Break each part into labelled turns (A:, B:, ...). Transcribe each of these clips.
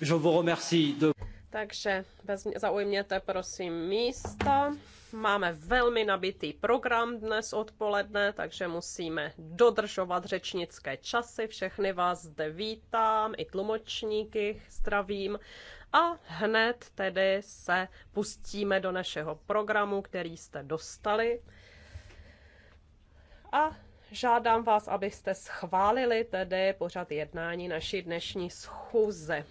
A: Je vous remercie de...
B: Takže zaujměte prosím místa. Máme velmi nabitý program dnes odpoledne, takže musíme dodržovat řečnické časy. Všechny vás zde vítám, i tlumočníky zdravím. A hned tedy se pustíme do našeho programu, který jste dostali. A žádám vás, abyste schválili tedy pořad jednání naší dnešní schůze.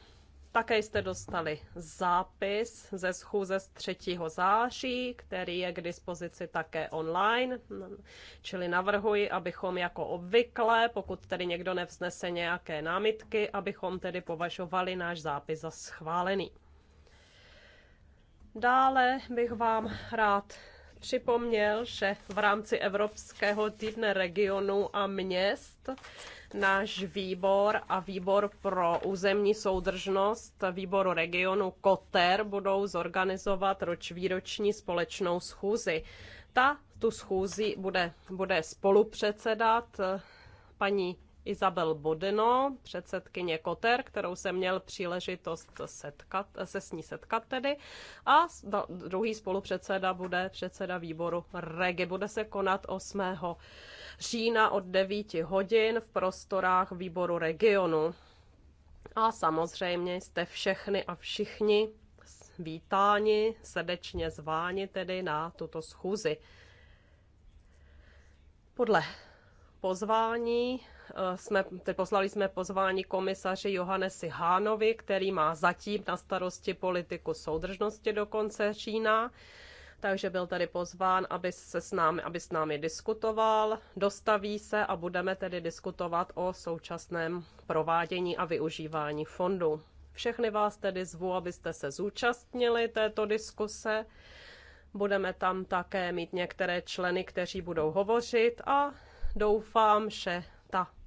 B: Také jste dostali zápis ze schůze z 3. září, který je k dispozici také online, čili navrhuji, abychom jako obvykle, pokud tedy někdo nevznese nějaké námitky, abychom tedy považovali náš zápis za schválený. Dále bych vám rád připomněl, že v rámci Evropského týdne regionu a měst náš výbor a výbor pro územní soudržnost výboru regionu Koter budou zorganizovat roč výroční společnou schůzi. Ta tu schůzi bude, bude spolupředsedat eh, paní Izabel Bodeno, předsedkyně Koter, kterou jsem měl příležitost setkat, se s ní setkat tedy. A druhý spolupředseda bude předseda výboru Regi. Bude se konat 8. října od 9 hodin v prostorách výboru regionu. A samozřejmě jste všechny a všichni vítáni, srdečně zváni tedy na tuto schůzi. Podle pozvání Eh, jsme, poslali jsme pozvání komisaři Johannesi Hánovi, který má zatím na starosti politiku soudržnosti do konce října takže byl tady pozván, aby, se s námi, aby s námi diskutoval, dostaví se a budeme tedy diskutovat o současném provádění a využívání fondu. Všechny vás tedy zvu, abyste se zúčastnili této diskuse. Budeme tam také mít některé členy, kteří budou hovořit a doufám, že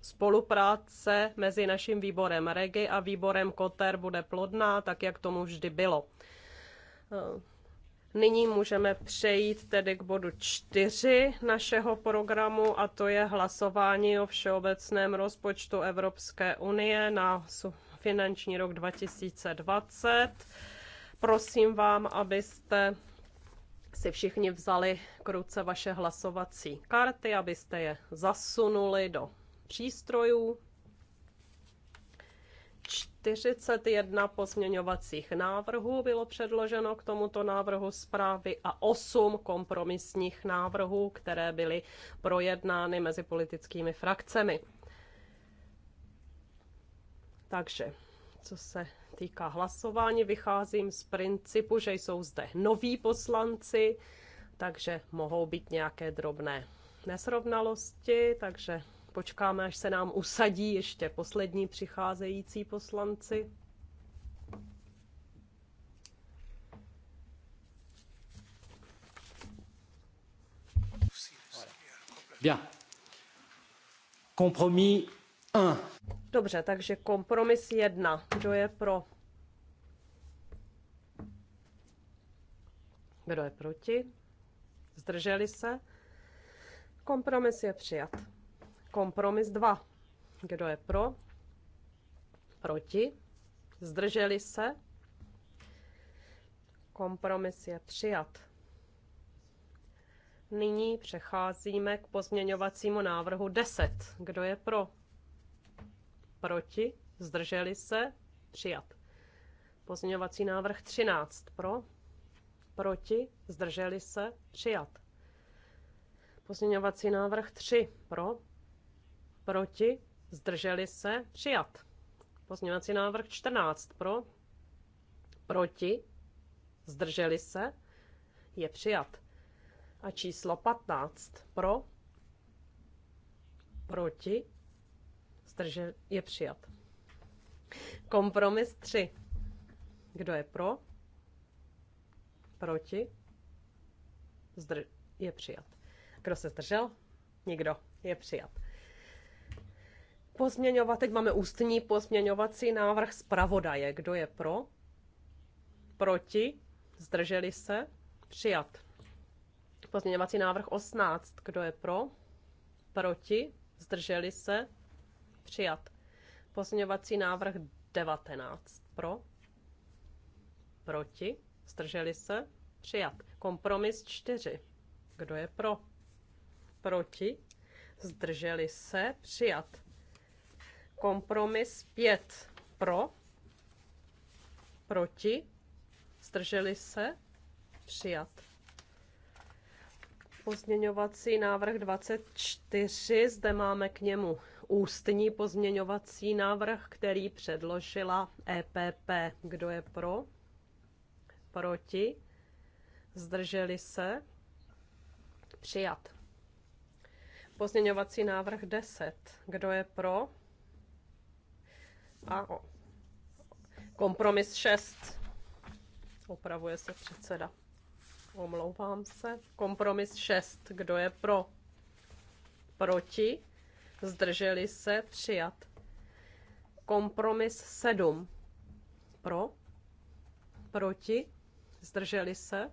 B: spolupráce mezi naším výborem Regi a výborem Koter bude plodná, tak jak tomu vždy bylo. Eh, nyní můžeme přejít tedy k bodu čtyři našeho programu a to je hlasování o všeobecném rozpočtu Evropské unie na finanční rok 2020. Prosím vám, abyste si všichni vzali k ruce vaše hlasovací karty, abyste je zasunuli do přístrojů. 41 pozměňovacích návrhů bylo předloženo k tomuto návrhu zprávy a 8 kompromisních návrhů, které byly projednány mezi politickými frakcemi. Takže, co se týká hlasování, vycházím z principu, že jsou zde noví poslanci, takže mohou být nějaké drobné nesrovnalosti, takže Počkáme, až se nám usadí ještě poslední přicházející poslanci.
C: Bien.
A: Kompromis 1.
B: Dobře, takže kompromis 1. Kdo je pro? Kdo je proti? Zdrželi se? Kompromis je přijat. Kompromis 2. Kdo je pro? Proti? Zdrželi se? Kompromis je přijat. Nyní přecházíme k pozměňovacímu návrhu 10. Kdo je pro? Proti? Zdrželi se? Přijat. Pozměňovací návrh 13. Pro? Proti? Zdrželi se? Přijat. Pozměňovací návrh 3. Pro? proti, zdrželi se, přijat. Pozměňovací návrh 14 pro, proti, zdrželi se, je přijat. A číslo 15 pro, proti, zdržel, je přijat. Kompromis 3. Kdo je pro? Proti? Zdr- je přijat. Kdo se zdržel? Nikdo. Je přijat. Pozměňovat, teď máme ústní pozměňovací návrh zpravodaje. Kdo je pro? Proti? Zdrželi se? Přijat. Pozměňovací návrh 18. Kdo je pro? Proti? Zdrželi se? Přijat. Pozměňovací návrh 19. Pro? Proti? Zdrželi se? Přijat. Kompromis 4. Kdo je pro? Proti? Zdrželi se? Přijat. Kompromis 5 pro, proti, zdrželi se, přijat. Pozměňovací návrh 24, zde máme k němu ústní pozměňovací návrh, který předložila EPP. Kdo je pro? Proti? Zdrželi se? Přijat. Pozměňovací návrh 10. Kdo je pro? A o. kompromis 6. Opravuje se předseda. Omlouvám se. Kompromis 6. Kdo je pro? Proti? Zdrželi se? Přijat. Kompromis 7. Pro? Proti? Zdrželi se?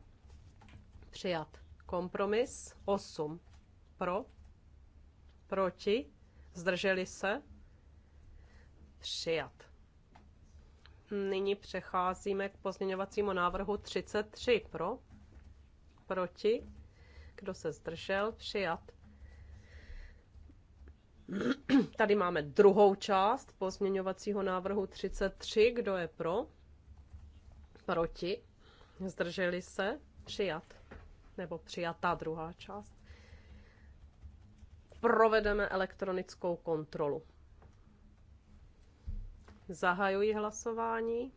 B: Přijat. Kompromis 8. Pro? Proti? Zdrželi se? Přijat. Nyní přecházíme k pozměňovacímu návrhu 33. Pro? Proti? Kdo se zdržel? Přijat. Tady máme druhou část pozměňovacího návrhu 33. Kdo je pro? Proti? Zdrželi se? Přijat. Nebo přijatá druhá část. Provedeme elektronickou kontrolu. Zahajuji hlasování.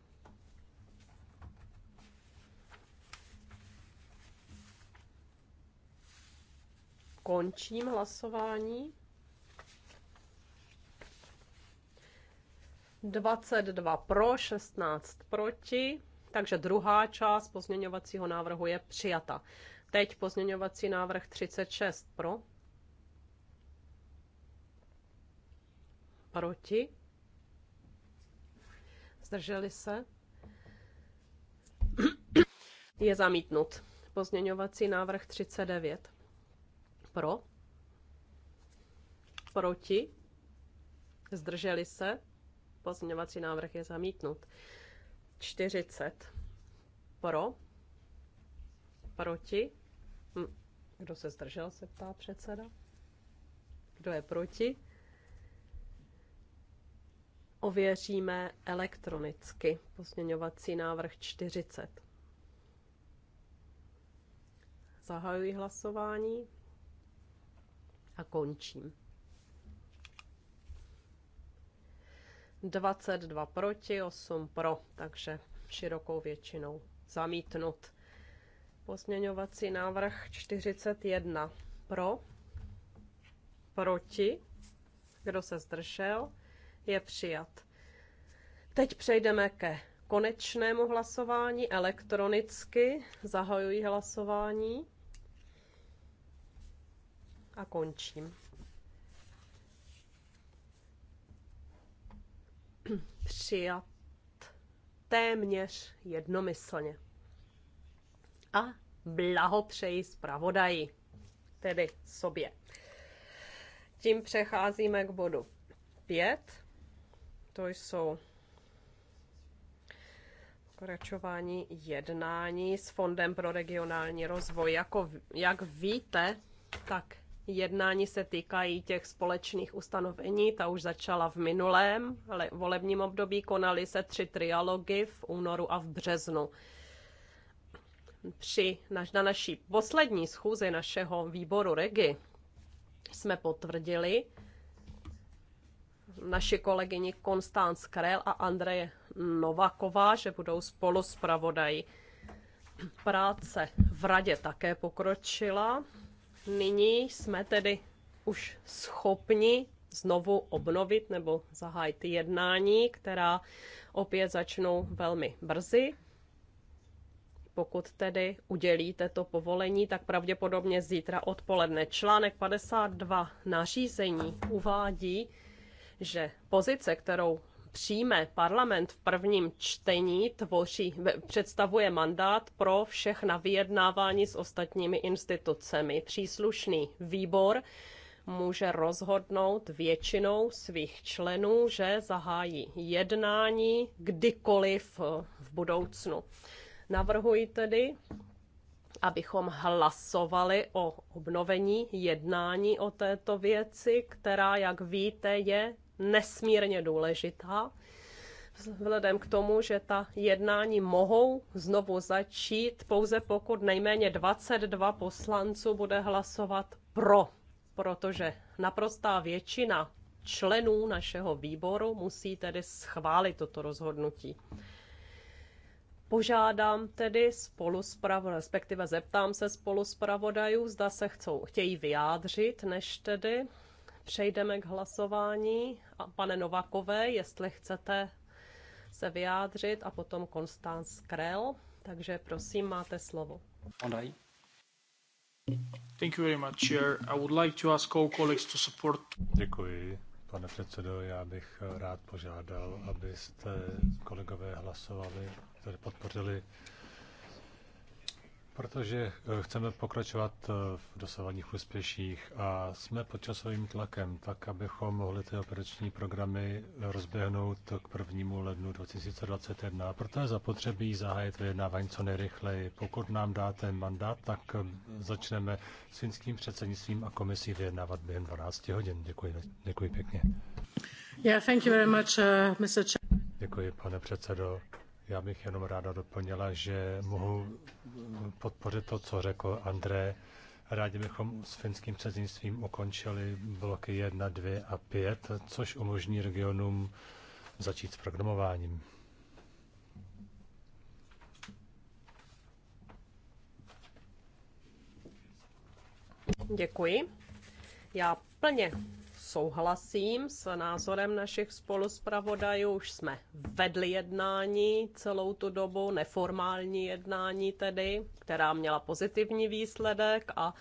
B: Končím hlasování. 22 pro, 16 proti, takže druhá část pozměňovacího návrhu je přijata. Teď pozměňovací návrh 36 pro, proti, zdrželi se. Je zamítnut. Pozměňovací návrh 39. Pro. Proti. Zdrželi se. Pozměňovací návrh je zamítnut. 40. Pro. Proti. Hm, kdo se zdržel, se ptá předseda. Kdo je proti? ověříme elektronicky pozměňovací návrh 40. Zahajuji hlasování a končím. 22 proti, 8 pro, takže širokou většinou zamítnut. Pozměňovací návrh 41 pro, proti, kdo se zdržel, je přijat. Teď přejdeme ke konečnému hlasování elektronicky. Zahajuji hlasování a končím. Přijat téměř jednomyslně. A blahopřeji zpravodaji, tedy sobě. Tím přecházíme k bodu 5 to jsou pokračování jednání s Fondem pro regionální rozvoj. Jako, jak víte, tak jednání se týkají těch společných ustanovení. Ta už začala v minulém ale volebním období. Konaly se tři trialogy v únoru a v březnu. Při na naší poslední schůzi našeho výboru REGI jsme potvrdili, naši kolegyni Konstanc Krel a Andreje Novaková, že budou spolu zpravodají. Práce v radě také pokročila. Nyní jsme tedy už schopni znovu obnovit nebo zahájit jednání, která opět začnou velmi brzy. Pokud tedy udělíte to povolení, tak pravděpodobně zítra odpoledne. Článek 52 nařízení uvádí, že pozice, kterou přijme parlament v prvním čtení, tvoří, představuje mandát pro všechna vyjednávání s ostatními institucemi. Příslušný výbor může rozhodnout většinou svých členů, že zahájí jednání kdykoliv eh, v budoucnu. Navrhuji tedy, abychom hlasovali o obnovení jednání o této věci, která, jak víte, je nesmírně důležitá, vzhledem k tomu, že ta jednání mohou znovu začít, pouze pokud nejméně 22 poslanců bude hlasovat pro, protože naprostá většina členů našeho výboru musí tedy schválit toto rozhodnutí. Požádám tedy spolu respektive zeptám se spolu zpravodajů, zda se chcou, chtějí vyjádřit, než tedy Přejdeme k hlasování. A pane Novakové, jestli chcete se vyjádřit a potom Konstanz Krell. Takže prosím, máte slovo.
A: Ondaj. Thank you very much, Chair. I would like to ask all colleagues to support... Děkuji, pane předsedo. Já bych rád požádal, abyste kolegové hlasovali, tedy podpořili Protože eh, chceme pokračovat eh, v dosavadních úspěších a jsme pod časovým tlakem, tak abychom mohli ty operační programy rozběhnout k 1. lednu 2021. Proto je zapotřebí zahájit vyjednávání co nejrychleji. Pokud nám dáte mandát, tak eh, začneme s finským předsednictvím a komisí vyjednávat během 12 hodin. Děkuji, děkuji pěkně.
B: Yeah, thank you very much, uh, Mr.
A: Děkuji, pane předsedo. Já bych jenom ráda doplnila, že mohu podpořit to, co řekl André. Rádi bychom s finským předsednictvím ukončili bloky 1, 2 a 5, což umožní regionům začít s programováním.
B: Děkuji. Já plně souhlasím s názorem našich spoluspravodajů. Už jsme vedli jednání celou tu dobu, neformální jednání tedy, která měla pozitivní výsledek a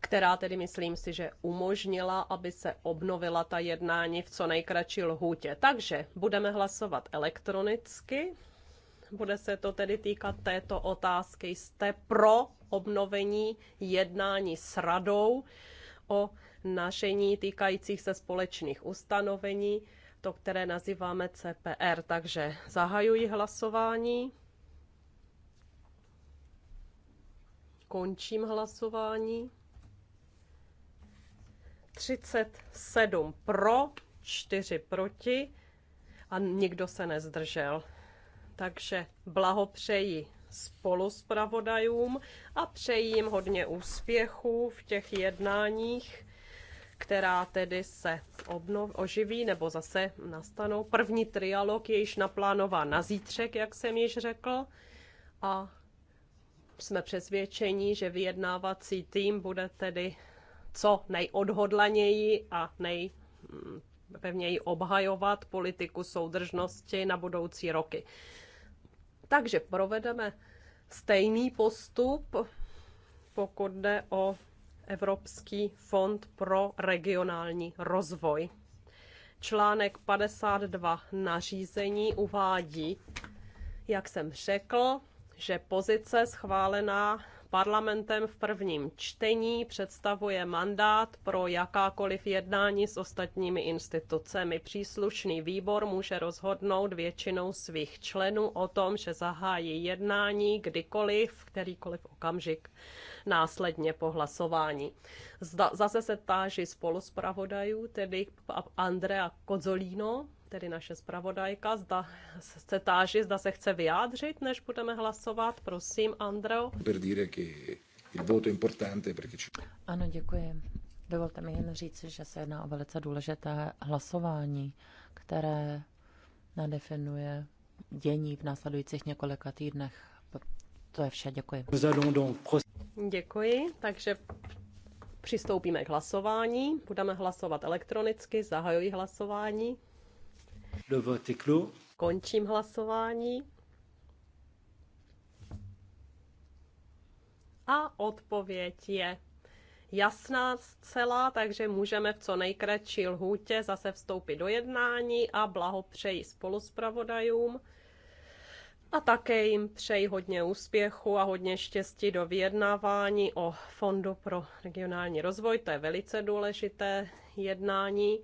B: která tedy myslím si, že umožnila, aby se obnovila ta jednání v co nejkratší lhůtě. Takže budeme hlasovat elektronicky. Bude se to tedy týkat této otázky. Jste pro obnovení jednání s radou o našení týkajících se společných ustanovení, to, které nazýváme CPR. Takže zahajuji hlasování. Končím hlasování. 37 pro, 4 proti a nikdo se nezdržel. Takže blahopřeji spolu s pravodajům a přeji jim hodně úspěchů v těch jednáních která tedy se obnov, oživí nebo zase nastanou. První trialog je již naplánován na zítřek, jak jsem již řekl, a jsme přesvědčeni, že vyjednávací tým bude tedy co nejodhodlaněji a nejpevněji mm, obhajovat politiku soudržnosti na budoucí roky. Takže provedeme stejný postup, pokud jde o Evropský fond pro regionální rozvoj. Článek 52 nařízení uvádí, jak jsem řekl, že pozice schválená parlamentem v prvním čtení představuje mandát pro jakákoliv jednání s ostatními institucemi. Příslušný výbor může rozhodnout většinou svých členů o tom, že zahájí jednání kdykoliv, kterýkoliv okamžik následně po hlasování. Zda, zase se táží spoluspravodajů, tedy Andrea Kozolino tedy naše zpravodajka, zda se táží, zda se chce vyjádřit, než budeme hlasovat. Prosím, Andro.
D: Ano, děkuji. Dovolte mi jen říct, že se jedná o velice důležité hlasování, které nadefinuje dění v následujících několika týdnech. To je vše, děkuji. Děkuji, takže přistoupíme k hlasování. Budeme
B: hlasovat elektronicky, zahajuji hlasování. Končím hlasování. A odpověď je jasná zcela, takže můžeme v co nejkratší lhůtě zase vstoupit do jednání a blahopřeji spoluspravodajům. A také jim přeji hodně úspěchu a hodně štěstí do vyjednávání o Fondu pro regionální rozvoj. To je velice důležité jednání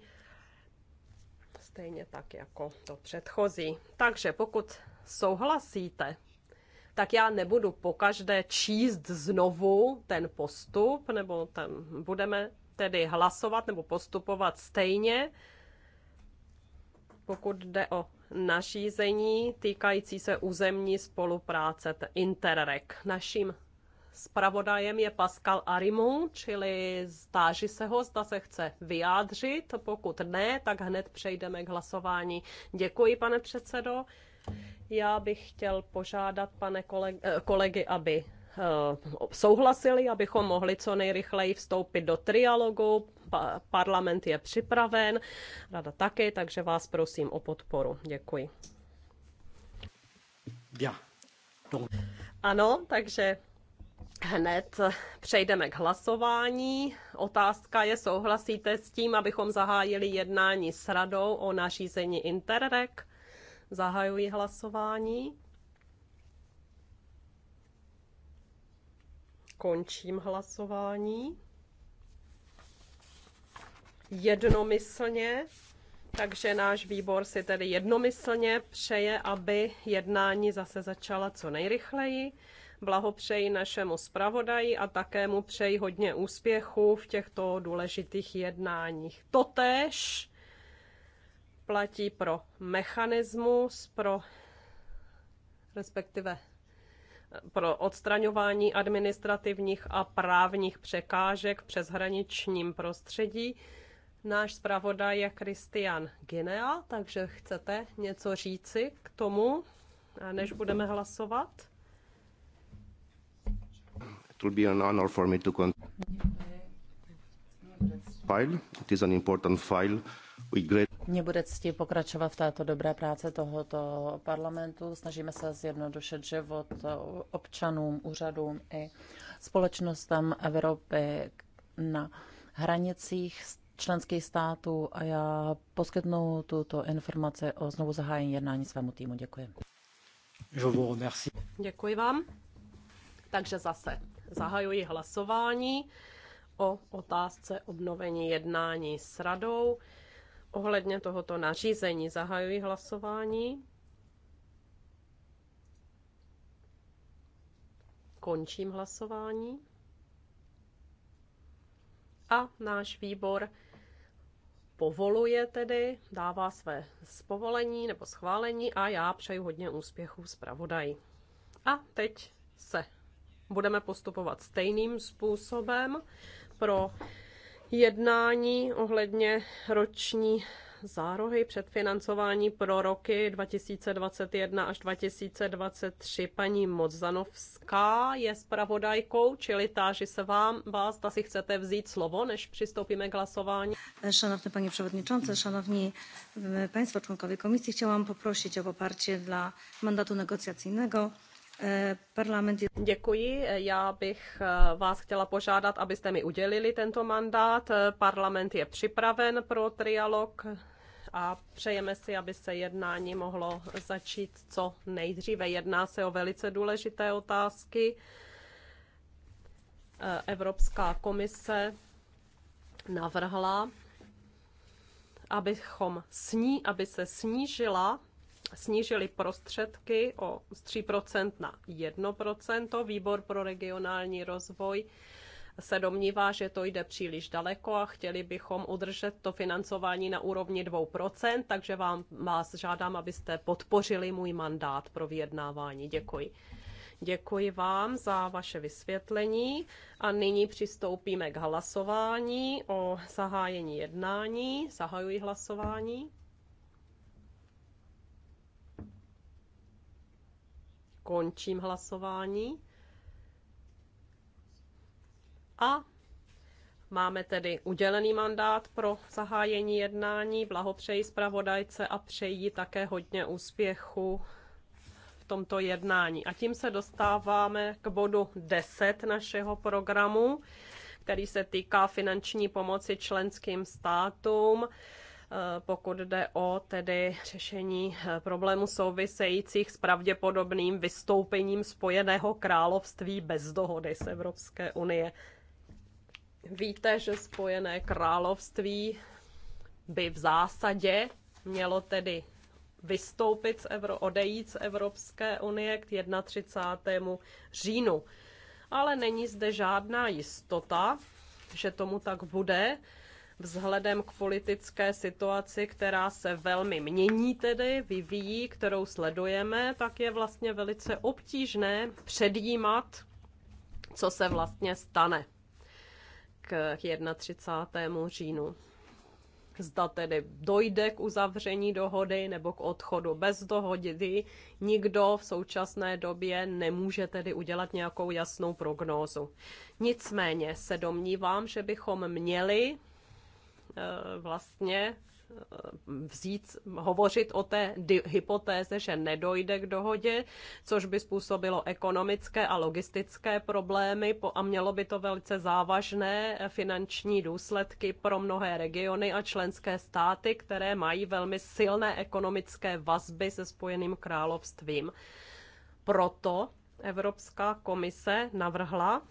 B: stejně tak jako to předchozí. Takže pokud souhlasíte, tak já nebudu po každé číst znovu ten postup, nebo tam budeme tedy hlasovat nebo postupovat stejně, pokud jde o nařízení týkající se územní spolupráce Interreg. Naším Spravodajem je Pascal Arimu, čili stáží se ho, zda se chce vyjádřit. Pokud ne, tak hned přejdeme k hlasování. Děkuji, pane předsedo. Já bych chtěl požádat pane eh, kolegy, aby eh, souhlasili, abychom mohli co nejrychleji vstoupit do trialogu. Parlament je připraven, rada taky, takže vás prosím o podporu. Děkuji. Ano, takže Hned přejdeme k hlasování. Otázka je, souhlasíte s tím, abychom zahájili jednání s radou o nařízení Interreg? Zahajuji hlasování. Končím hlasování. Jednomyslně, takže náš výbor si tedy jednomyslně přeje, aby jednání zase začala co nejrychleji. Blahopřeji našemu zpravodaji a také mu přeji hodně úspěchu v těchto důležitých jednáních. Totež platí pro mechanismus, pro respektive pro odstraňování administrativních a právních překážek v přeshraničním prostředí. Náš zpravodaj je Christian Ginea, takže chcete něco říci k tomu, než budeme hlasovat? It will be an honor for me to file. It is an important file. We great...
D: Mě bude ctí pokračovat v této dobré práce tohoto parlamentu. Snažíme se zjednodušit život občanům, úřadům i společnostem Evropy na hranicích členských států a já poskytnu tuto informaci o znovu zahájení jednání svému týmu. Děkuji.
B: Děkuji vám. Takže zase Zahajuji hlasování o otázce obnovení jednání s radou. Ohledně tohoto nařízení zahajuji hlasování. Končím hlasování. A náš výbor povoluje tedy, dává své spovolení nebo schválení a já přeju hodně úspěchů zpravodaji. A teď se budeme postupovat stejným způsobem pro jednání ohledně roční zárohy předfinancování pro roky 2021 až 2023. Paní Modzanovská je zpravodajkou, čili táži se vám, vás, zda si chcete vzít slovo, než přistoupíme k hlasování.
D: Szanowny panie przewodniczący, szanowni e, państwo członkowie komisji, chciałam poprosić o poparcie
B: dla mandatu negocjacyjnego Děkuji. Já bych eh, vás chtěla požádat, abyste mi udělili tento mandát. Parlament je připraven pro trialog a přejeme si, aby se jednání mohlo začít co nejdříve. Jedná se o velice důležité otázky. Eh, Evropská komise navrhla, abychom sní, aby se snížila snížili prostředky o 3% na 1%. Výbor pro regionální rozvoj se domnívá, že to jde příliš daleko a chtěli bychom udržet to financování na úrovni 2%, takže vám, vás žádám, abyste podpořili můj mandát pro vyjednávání. Děkuji. Děkuji vám za vaše vysvětlení a nyní přistoupíme k hlasování o zahájení jednání. Zahajuji hlasování. Končím hlasování. A máme tedy udělený mandát pro zahájení jednání. Blahopřeji zpravodajce a přeji také hodně úspěchu v tomto jednání. A tím se dostáváme k bodu 10 našeho programu, který se týká finanční pomoci členským státům. Eh, pokud jde o tedy řešení eh, problému souvisejících s pravděpodobným vystoupením Spojeného království bez dohody z Evropské unie. Víte, že Spojené království by v zásadě mělo tedy vystoupit z Evro, odejít z Evropské unie k 31. říjnu. Ale není zde žádná jistota, že tomu tak bude, vzhledem k politické situaci, která se velmi mění tedy, vyvíjí, kterou sledujeme, tak je vlastně velice obtížné předjímat, co se vlastně stane k 31. říjnu. Zda tedy dojde k uzavření dohody nebo k odchodu bez dohody, nikdo v současné době nemůže tedy udělat nějakou jasnou prognózu. Nicméně se domnívám, že bychom měli Eh, vlastně eh, vzít, hovořit o té hypotéze, že nedojde k dohodě, což by způsobilo ekonomické a logistické problémy a mělo by to velice závažné finanční důsledky pro mnohé regiony a členské státy, které mají velmi silné ekonomické vazby se Spojeným královstvím. Proto Evropská komise navrhla,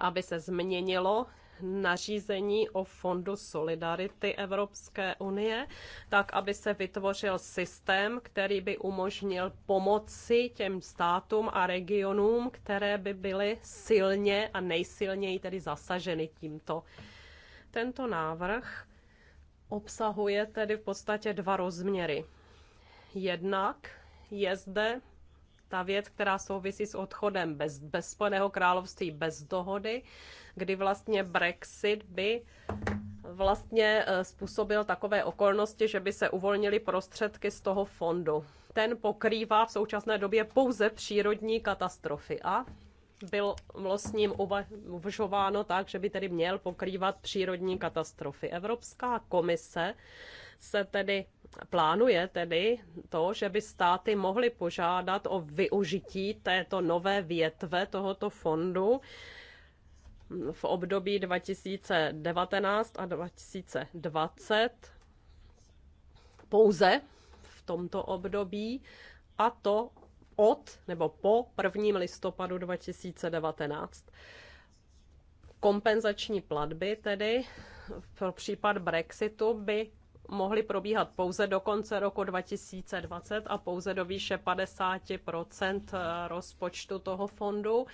B: aby se změnilo nařízení o Fondu Solidarity Evropské unie, tak aby se vytvořil systém, který by umožnil pomoci těm státům a regionům, které by byly silně a nejsilněji tedy zasaženy tímto. Tento návrh obsahuje tedy v podstatě dva rozměry. Jednak je zde ta věc, která souvisí s odchodem bez, bez Spojeného království bez dohody, kdy vlastně Brexit by vlastně eh, způsobil takové okolnosti, že by se uvolnily prostředky z toho fondu. Ten pokrývá v současné době pouze přírodní katastrofy a bylo s ním uvažováno tak, že by tedy měl pokrývat přírodní katastrofy. Evropská komise se tedy plánuje tedy to, že by státy mohly požádat o využití této nové větve tohoto fondu v období 2019 a 2020 pouze v tomto období a to od nebo po 1. listopadu 2019. Kompenzační platby tedy pro případ Brexitu by mohly probíhat pouze do konce roku 2020 a pouze do výše 50 eh, rozpočtu toho fondu.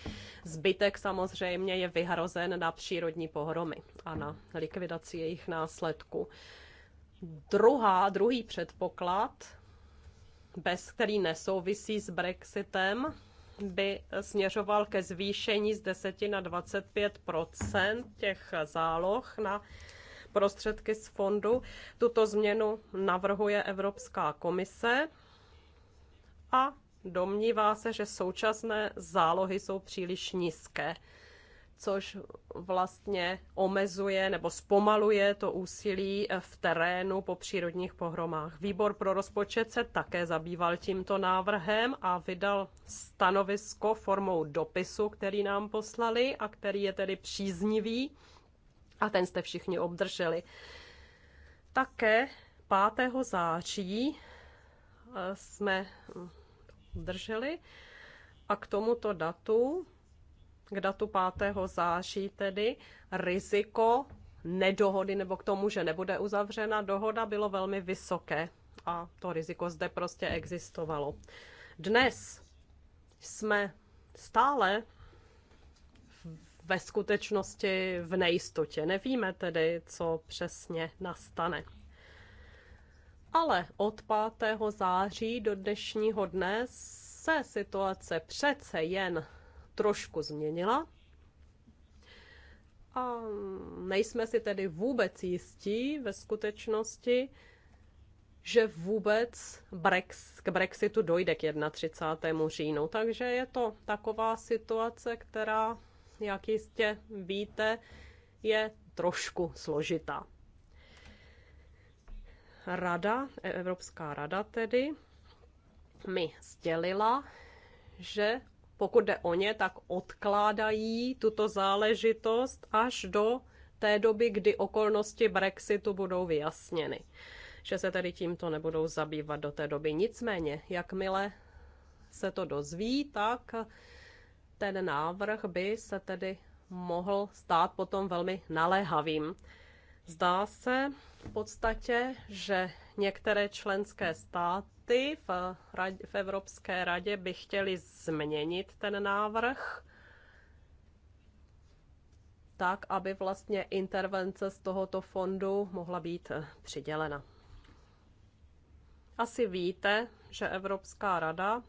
B: Zbytek samozřejmě je vyhrozen na přírodní pohromy a na likvidaci jejich následků. Druhá, druhý předpoklad, bez který nesouvisí s Brexitem, by směřoval ke zvýšení z 10 na 25 těch záloh na prostředky z fondu. Tuto změnu navrhuje Evropská komise a domnívá se, že současné zálohy jsou příliš nízké, což vlastně omezuje nebo zpomaluje to úsilí v terénu po přírodních pohromách. Výbor pro rozpočet se také zabýval tímto návrhem a vydal stanovisko formou dopisu, který nám poslali a který je tedy příznivý a ten jste všichni obdrželi. Také 5. září eh, jsme hm, obdrželi a k tomuto datu, k datu 5. září tedy, riziko nedohody nebo k tomu, že nebude uzavřena dohoda, bylo velmi vysoké a to riziko zde prostě existovalo. Dnes jsme stále ve skutečnosti v nejistotě. Nevíme tedy, co přesně nastane. Ale od 5. září do dnešního dne se situace přece jen trošku změnila. A nejsme si tedy vůbec jistí ve skutečnosti, že vůbec Brex, k Brexitu dojde k 31. říjnu. Takže je to taková situace, která jak jistě víte, je trošku složitá. Rada, Evropská rada tedy, mi sdělila, že pokud jde o ně, tak odkládají tuto záležitost až do té doby, kdy okolnosti Brexitu budou vyjasněny. Že se tedy tímto nebudou zabývat do té doby. Nicméně, jakmile se to dozví, tak ten návrh by se tedy mohl stát potom velmi naléhavým. Zdá se v podstatě, že některé členské státy v, radě, v Evropské radě by chtěli změnit ten návrh tak, aby vlastně intervence z tohoto fondu mohla být eh, přidělena. Asi víte, že Evropská rada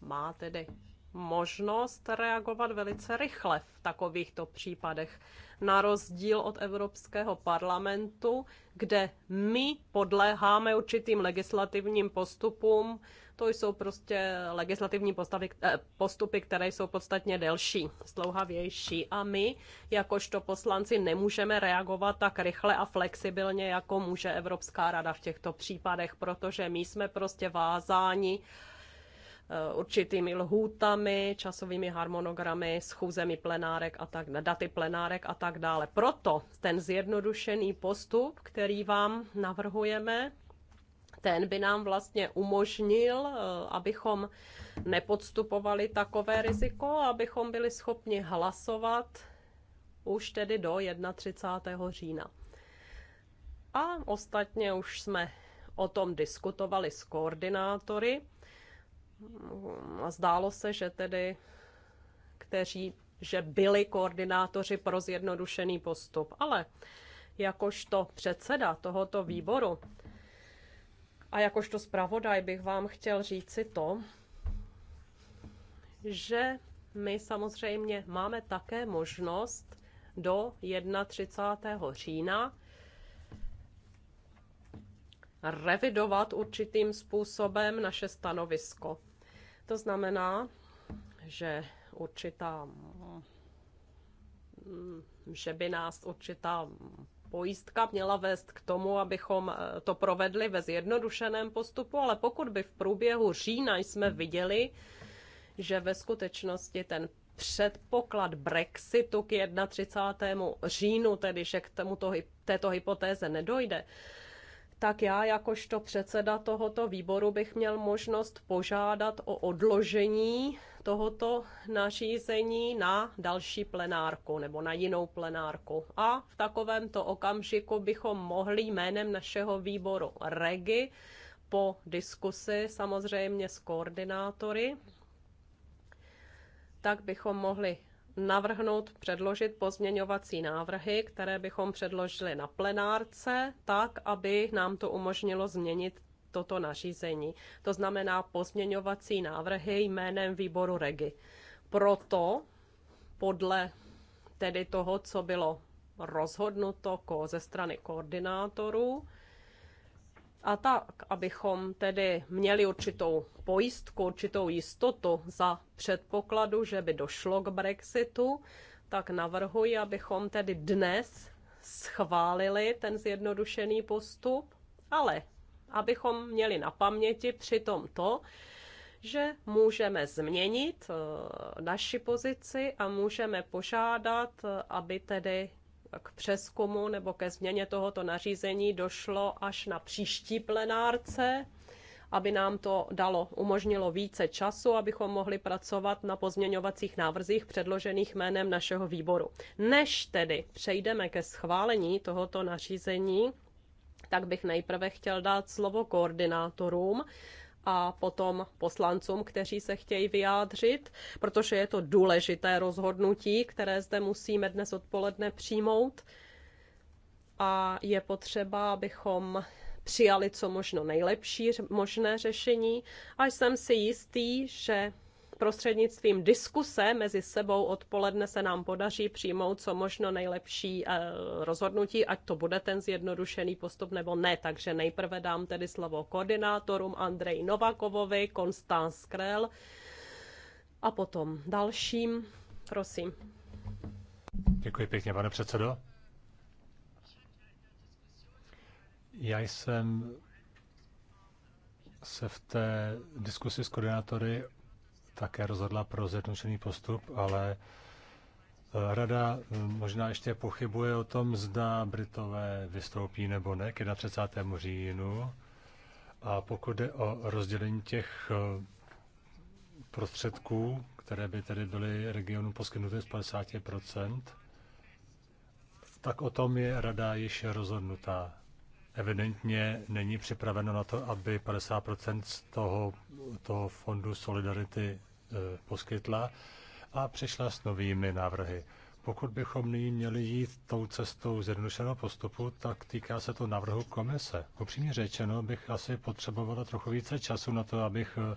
B: má tedy možnost reagovat velice rychle v takovýchto případech, na rozdíl od Evropského parlamentu, kde my podléháme určitým legislativním postupům. To jsou prostě legislativní postavy, eh, postupy, které jsou podstatně delší, slouhavější. A my, jakožto poslanci, nemůžeme reagovat tak rychle a flexibilně, jako může Evropská rada v těchto případech, protože my jsme prostě vázáni Eh, určitými lhůtami, časovými harmonogramy, schůzemi plenárek a tak, daty plenárek a tak dále. Proto ten zjednodušený postup, který vám navrhujeme, ten by nám vlastně umožnil, eh, abychom nepodstupovali takové riziko, abychom byli schopni hlasovat už tedy do 31. října. A ostatně už jsme o tom diskutovali s koordinátory a zdálo se, že tedy, kteří, že byli koordinátoři pro zjednodušený postup. Ale jakožto předseda tohoto výboru a jakožto zpravodaj bych vám chtěl říci to, že my samozřejmě máme také možnost do 31. října revidovat určitým způsobem naše stanovisko. To znamená, že určitá mm, že by nás určitá pojistka měla vést k tomu, abychom eh, to provedli ve zjednodušeném postupu, ale pokud by v průběhu října jsme viděli, že ve skutečnosti ten předpoklad Brexitu k 31. říjnu, tedy že k tomuto, této hypotéze nedojde, tak já jakožto předseda tohoto výboru bych měl možnost požádat o odložení tohoto nařízení na další plenárku nebo na jinou plenárku. A v takovémto okamžiku bychom mohli jménem našeho výboru REGI po diskusi samozřejmě s koordinátory, tak bychom mohli navrhnout, předložit pozměňovací návrhy, které bychom předložili na plenárce, tak, aby nám to umožnilo změnit toto nařízení. To znamená pozměňovací návrhy jménem výboru REGI. Proto podle tedy toho, co bylo rozhodnuto ze strany koordinátorů, a tak, abychom tedy měli určitou pojistku, určitou jistotu za předpokladu, že by došlo k Brexitu, tak navrhuji, abychom tedy dnes schválili ten zjednodušený postup, ale abychom měli na paměti přitom to, že můžeme změnit eh, naši pozici a můžeme požádat, eh, aby tedy k přeskumu nebo ke změně tohoto nařízení došlo až na příští plenárce, aby nám to dalo, umožnilo více času, abychom mohli pracovat na pozměňovacích návrzích předložených jménem našeho výboru. Než tedy přejdeme ke schválení tohoto nařízení, tak bych nejprve chtěl dát slovo koordinátorům, a potom poslancům, kteří se chtějí vyjádřit, protože je to důležité rozhodnutí, které zde musíme dnes odpoledne přijmout. A je potřeba, abychom přijali co možno nejlepší možné řešení. A jsem si jistý, že prostřednictvím diskuse mezi sebou odpoledne se nám podaří přijmout co možno nejlepší eh, rozhodnutí, ať to bude ten zjednodušený postup nebo ne. Takže nejprve dám tedy slovo koordinátorům Andrej Novakovovi, Konstanz Krell a potom dalším. Prosím.
A: Děkuji pěkně, pane předsedo. Já jsem se v té diskusi s koordinátory také rozhodla pro zjednodušený postup, ale e, Rada e, možná ještě pochybuje o tom, zda Britové vystoupí nebo ne k 31. říjnu. A pokud jde o rozdělení těch e, prostředků, které by tedy byly regionu poskytnuty z 50 tak o tom je rada již rozhodnutá evidentně není připraveno na to, aby 50 z toho, toho fondu Solidarity eh, poskytla a přišla s novými návrhy. Pokud bychom nyní měli jít tou cestou zjednodušeného postupu, tak týká se to návrhu komise. Upřímně řečeno bych asi potřebovala trochu více času na to, abych eh,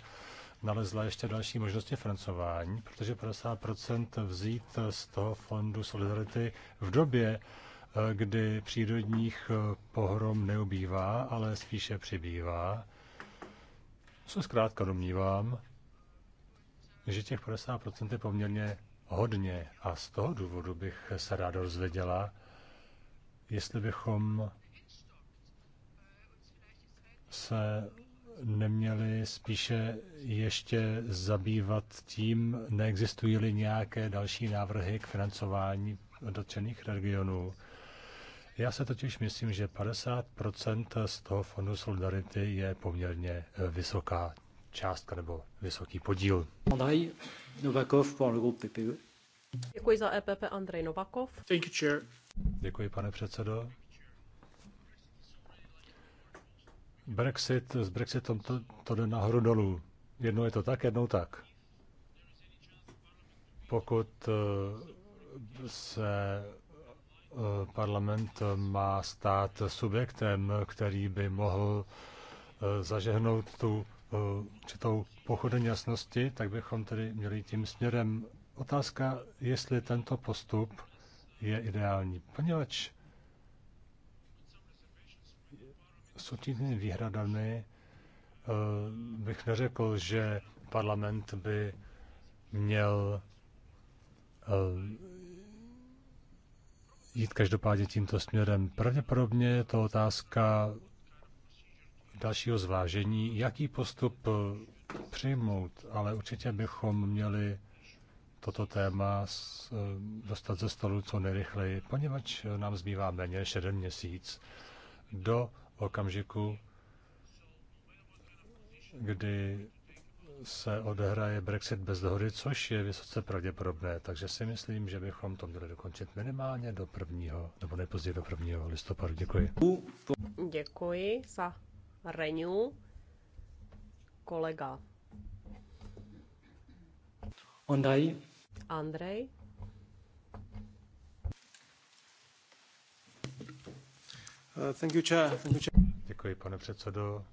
A: nalezla ještě další možnosti francování, protože 50% vzít z toho fondu Solidarity v době, kdy přírodních eh, pohrom neubývá, ale spíše přibývá, se zkrátka domnívám, že těch 50% je poměrně hodně a z toho důvodu bych se rád dozvěděla, jestli bychom se neměli spíše ještě zabývat tím, neexistují-li nějaké další návrhy k financování dotčených regionů. Já se totiž myslím, že 50% z toho fondu Solidarity je poměrně eh, vysoká částka nebo vysoký podíl. Andrej Novakov, pan PPE. E.
B: Děkuji za EPP Andrej Novakov.
A: Thank you, chair. Děkuji, pane předsedo. Brexit, s Brexitem to, to jde nahoru dolů. Jednou je to tak, jednou tak. Pokud eh, se Eh, parlament má stát subjektem, který by mohl eh, zažehnout tu eh, určitou pochodeň jasnosti, tak bychom tedy měli tím směrem. Otázka, jestli tento postup je ideální, poněvadž s určitými výhradami bych neřekl, že parlament by měl jít každopádně tímto směrem. Pravděpodobně je to otázka dalšího zvážení, jaký postup eh, přijmout, ale určitě bychom měli toto téma eh, dostat ze stolu co nejrychleji, poněvadž nám zbývá méně než jeden měsíc do okamžiku, kdy se odehraje Brexit bez dohody, což je vysoce pravděpodobné. Takže si myslím, že bychom to měli dokončit minimálně do prvního, nebo nejpozději do prvního listopadu. Děkuji.
B: Děkuji za Renu. Kolega. Ondaj. Andrej.
A: Uh, thank you, chair. Thank you, chair. Děkuji, pane předsedo.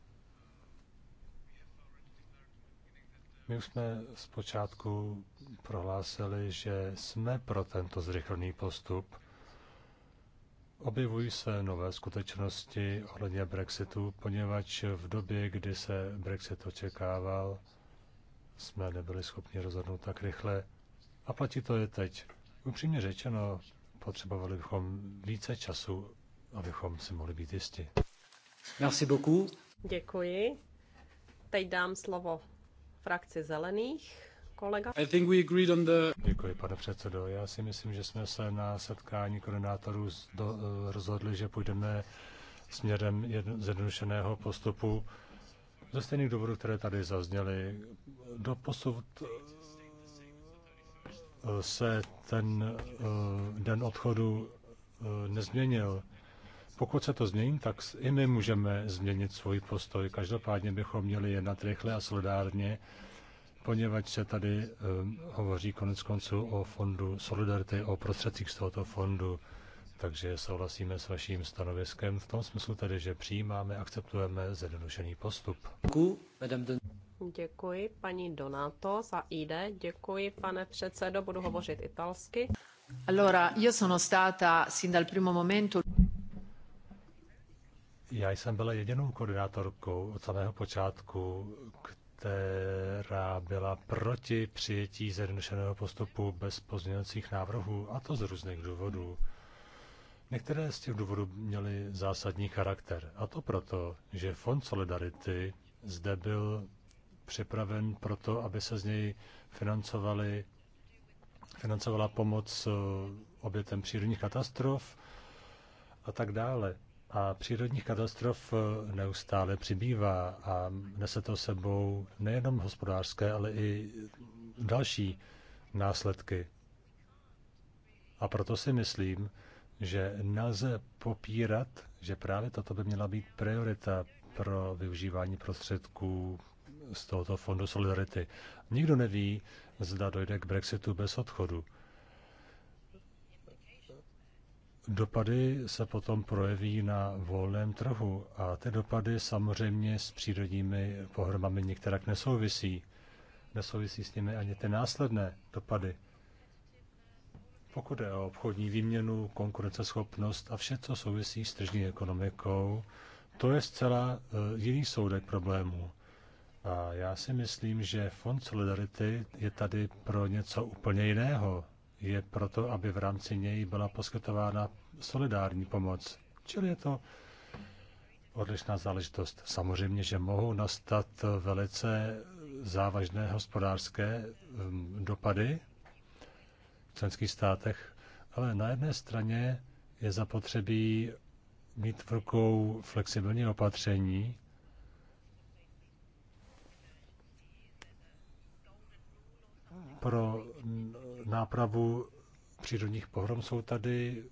A: My už jsme zpočátku prohlásili, že jsme pro tento zrychlený postup. Objevují se nové skutečnosti ohledně Brexitu, poněvadž v době, kdy se Brexit očekával, jsme nebyli schopni rozhodnout tak rychle. A platí to je teď. Upřímně řečeno, potřebovali bychom více času, abychom si mohli být jisti. Merci beaucoup.
B: Děkuji. Teď dám slovo frakci zelených. I think
A: we agreed on the... Děkuji, pane předsedo. Já si myslím, že jsme se na setkání koordinátorů do, rozhodli, že půjdeme směrem zjednodušeného postupu ze stejných důvodů, které tady zazněly. Do posud eh, se ten eh, den odchodu eh, nezměnil. Pokud se to změní, tak i my můžeme změnit svůj postoj. Každopádně bychom měli jednat rychle a solidárně, poněvadž se tady um, hovoří konec konců o fondu Solidarity, o prostředcích z tohoto fondu. Takže souhlasíme s vaším stanoviskem v tom smyslu tedy, že přijímáme, akceptujeme zjednodušený postup.
B: Děkuji paní Donato za ID. Děkuji pane předsedo, budu hovořit
D: italsky. Allora, io sono stata sin dal primo momento
A: já jsem byla jedinou koordinátorkou od samého počátku, která byla proti přijetí zjednodušeného postupu bez pozměňovacích návrhů, a to z různých důvodů. Některé z těch důvodů měly zásadní charakter, a to proto, že Fond Solidarity zde byl připraven proto, aby se z něj financovali, financovala pomoc obětem přírodních katastrof a tak dále. A přírodních katastrof eh, neustále přibývá a nese to sebou nejenom hospodářské, ale i další následky. A proto si myslím, že nelze popírat, že právě toto by měla být priorita pro využívání prostředků z tohoto fondu Solidarity. Nikdo neví, zda dojde k Brexitu bez odchodu dopady se potom projeví na volném trhu a ty dopady samozřejmě s přírodními pohromami některak nesouvisí. Nesouvisí s nimi ani ty následné dopady. Pokud je o obchodní výměnu, konkurenceschopnost a vše, co souvisí s tržní ekonomikou, to je zcela eh, jiný soudek problémů. A já si myslím, že Fond Solidarity je tady pro něco úplně jiného je proto, aby v rámci něj byla poskytována solidární pomoc. Čili je to odlišná záležitost. Samozřejmě, že mohou nastat velice závažné hospodářské ehm, dopady v členských státech, ale na jedné straně je zapotřebí mít v rukou flexibilní opatření, pro nápravu přírodních pohrom jsou tady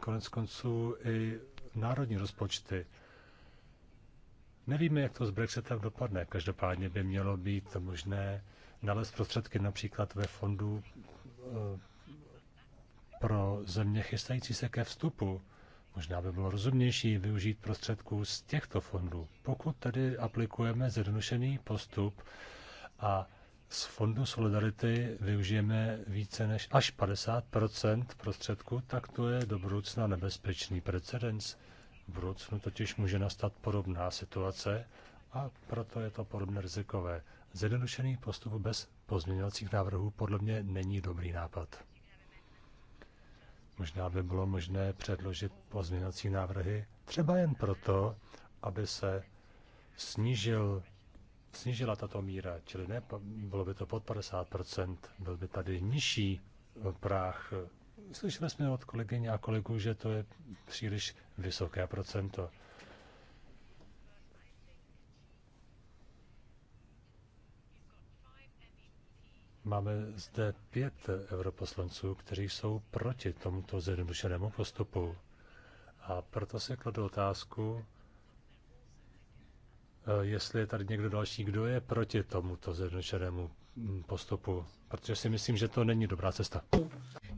A: konec konců i národní rozpočty. Nevíme, jak to s Brexitem dopadne. Každopádně by mělo být možné nalézt prostředky například ve fondu eh, pro země chystající se ke vstupu. Možná by bylo rozumnější využít prostředků z těchto fondů, pokud tedy aplikujeme zjednodušený postup a z Fondu Solidarity využijeme více než až 50 prostředků, tak to je do budoucna nebezpečný precedens. V budoucnu totiž může nastat podobná situace a proto je to podobně rizikové. Zjednodušený postup bez pozměňovacích návrhů podle mě není dobrý nápad. Možná by bylo možné předložit pozměňovací návrhy třeba jen proto, aby se snížil snížila tato míra, čili ne, bylo by to pod 50%, byl by tady nižší práh. Slyšeli jsme od kolegyně a kolegů, že to je příliš vysoké procento. Máme zde pět europoslanců, kteří jsou proti tomuto zjednodušenému postupu. A proto se kladu otázku, Eh, jestli je tady někdo další, kdo je proti tomuto zjednočenému mm, postupu, protože si myslím, že to není dobrá cesta.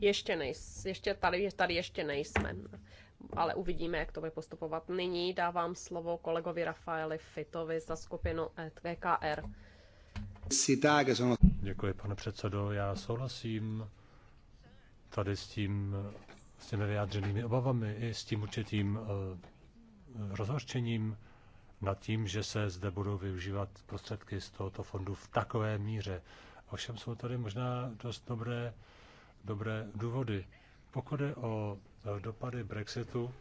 B: Ještě nejsme, ještě tady, tady ještě nejsme, ale uvidíme, jak to bude postupovat. Nyní dávám slovo kolegovi Rafaeli Fitovi za skupinu e TKR.
A: Děkuji, pane předsedo. Já souhlasím tady s tím, s těmi vyjádřenými obavami i s tím určitým eh, rozhořčením nad tím, že se zde budou využívat prostředky z tohoto fondu v takové míře. Ovšem jsou tady možná dost dobré, dobré důvody. Pokud je o dopady Brexitu,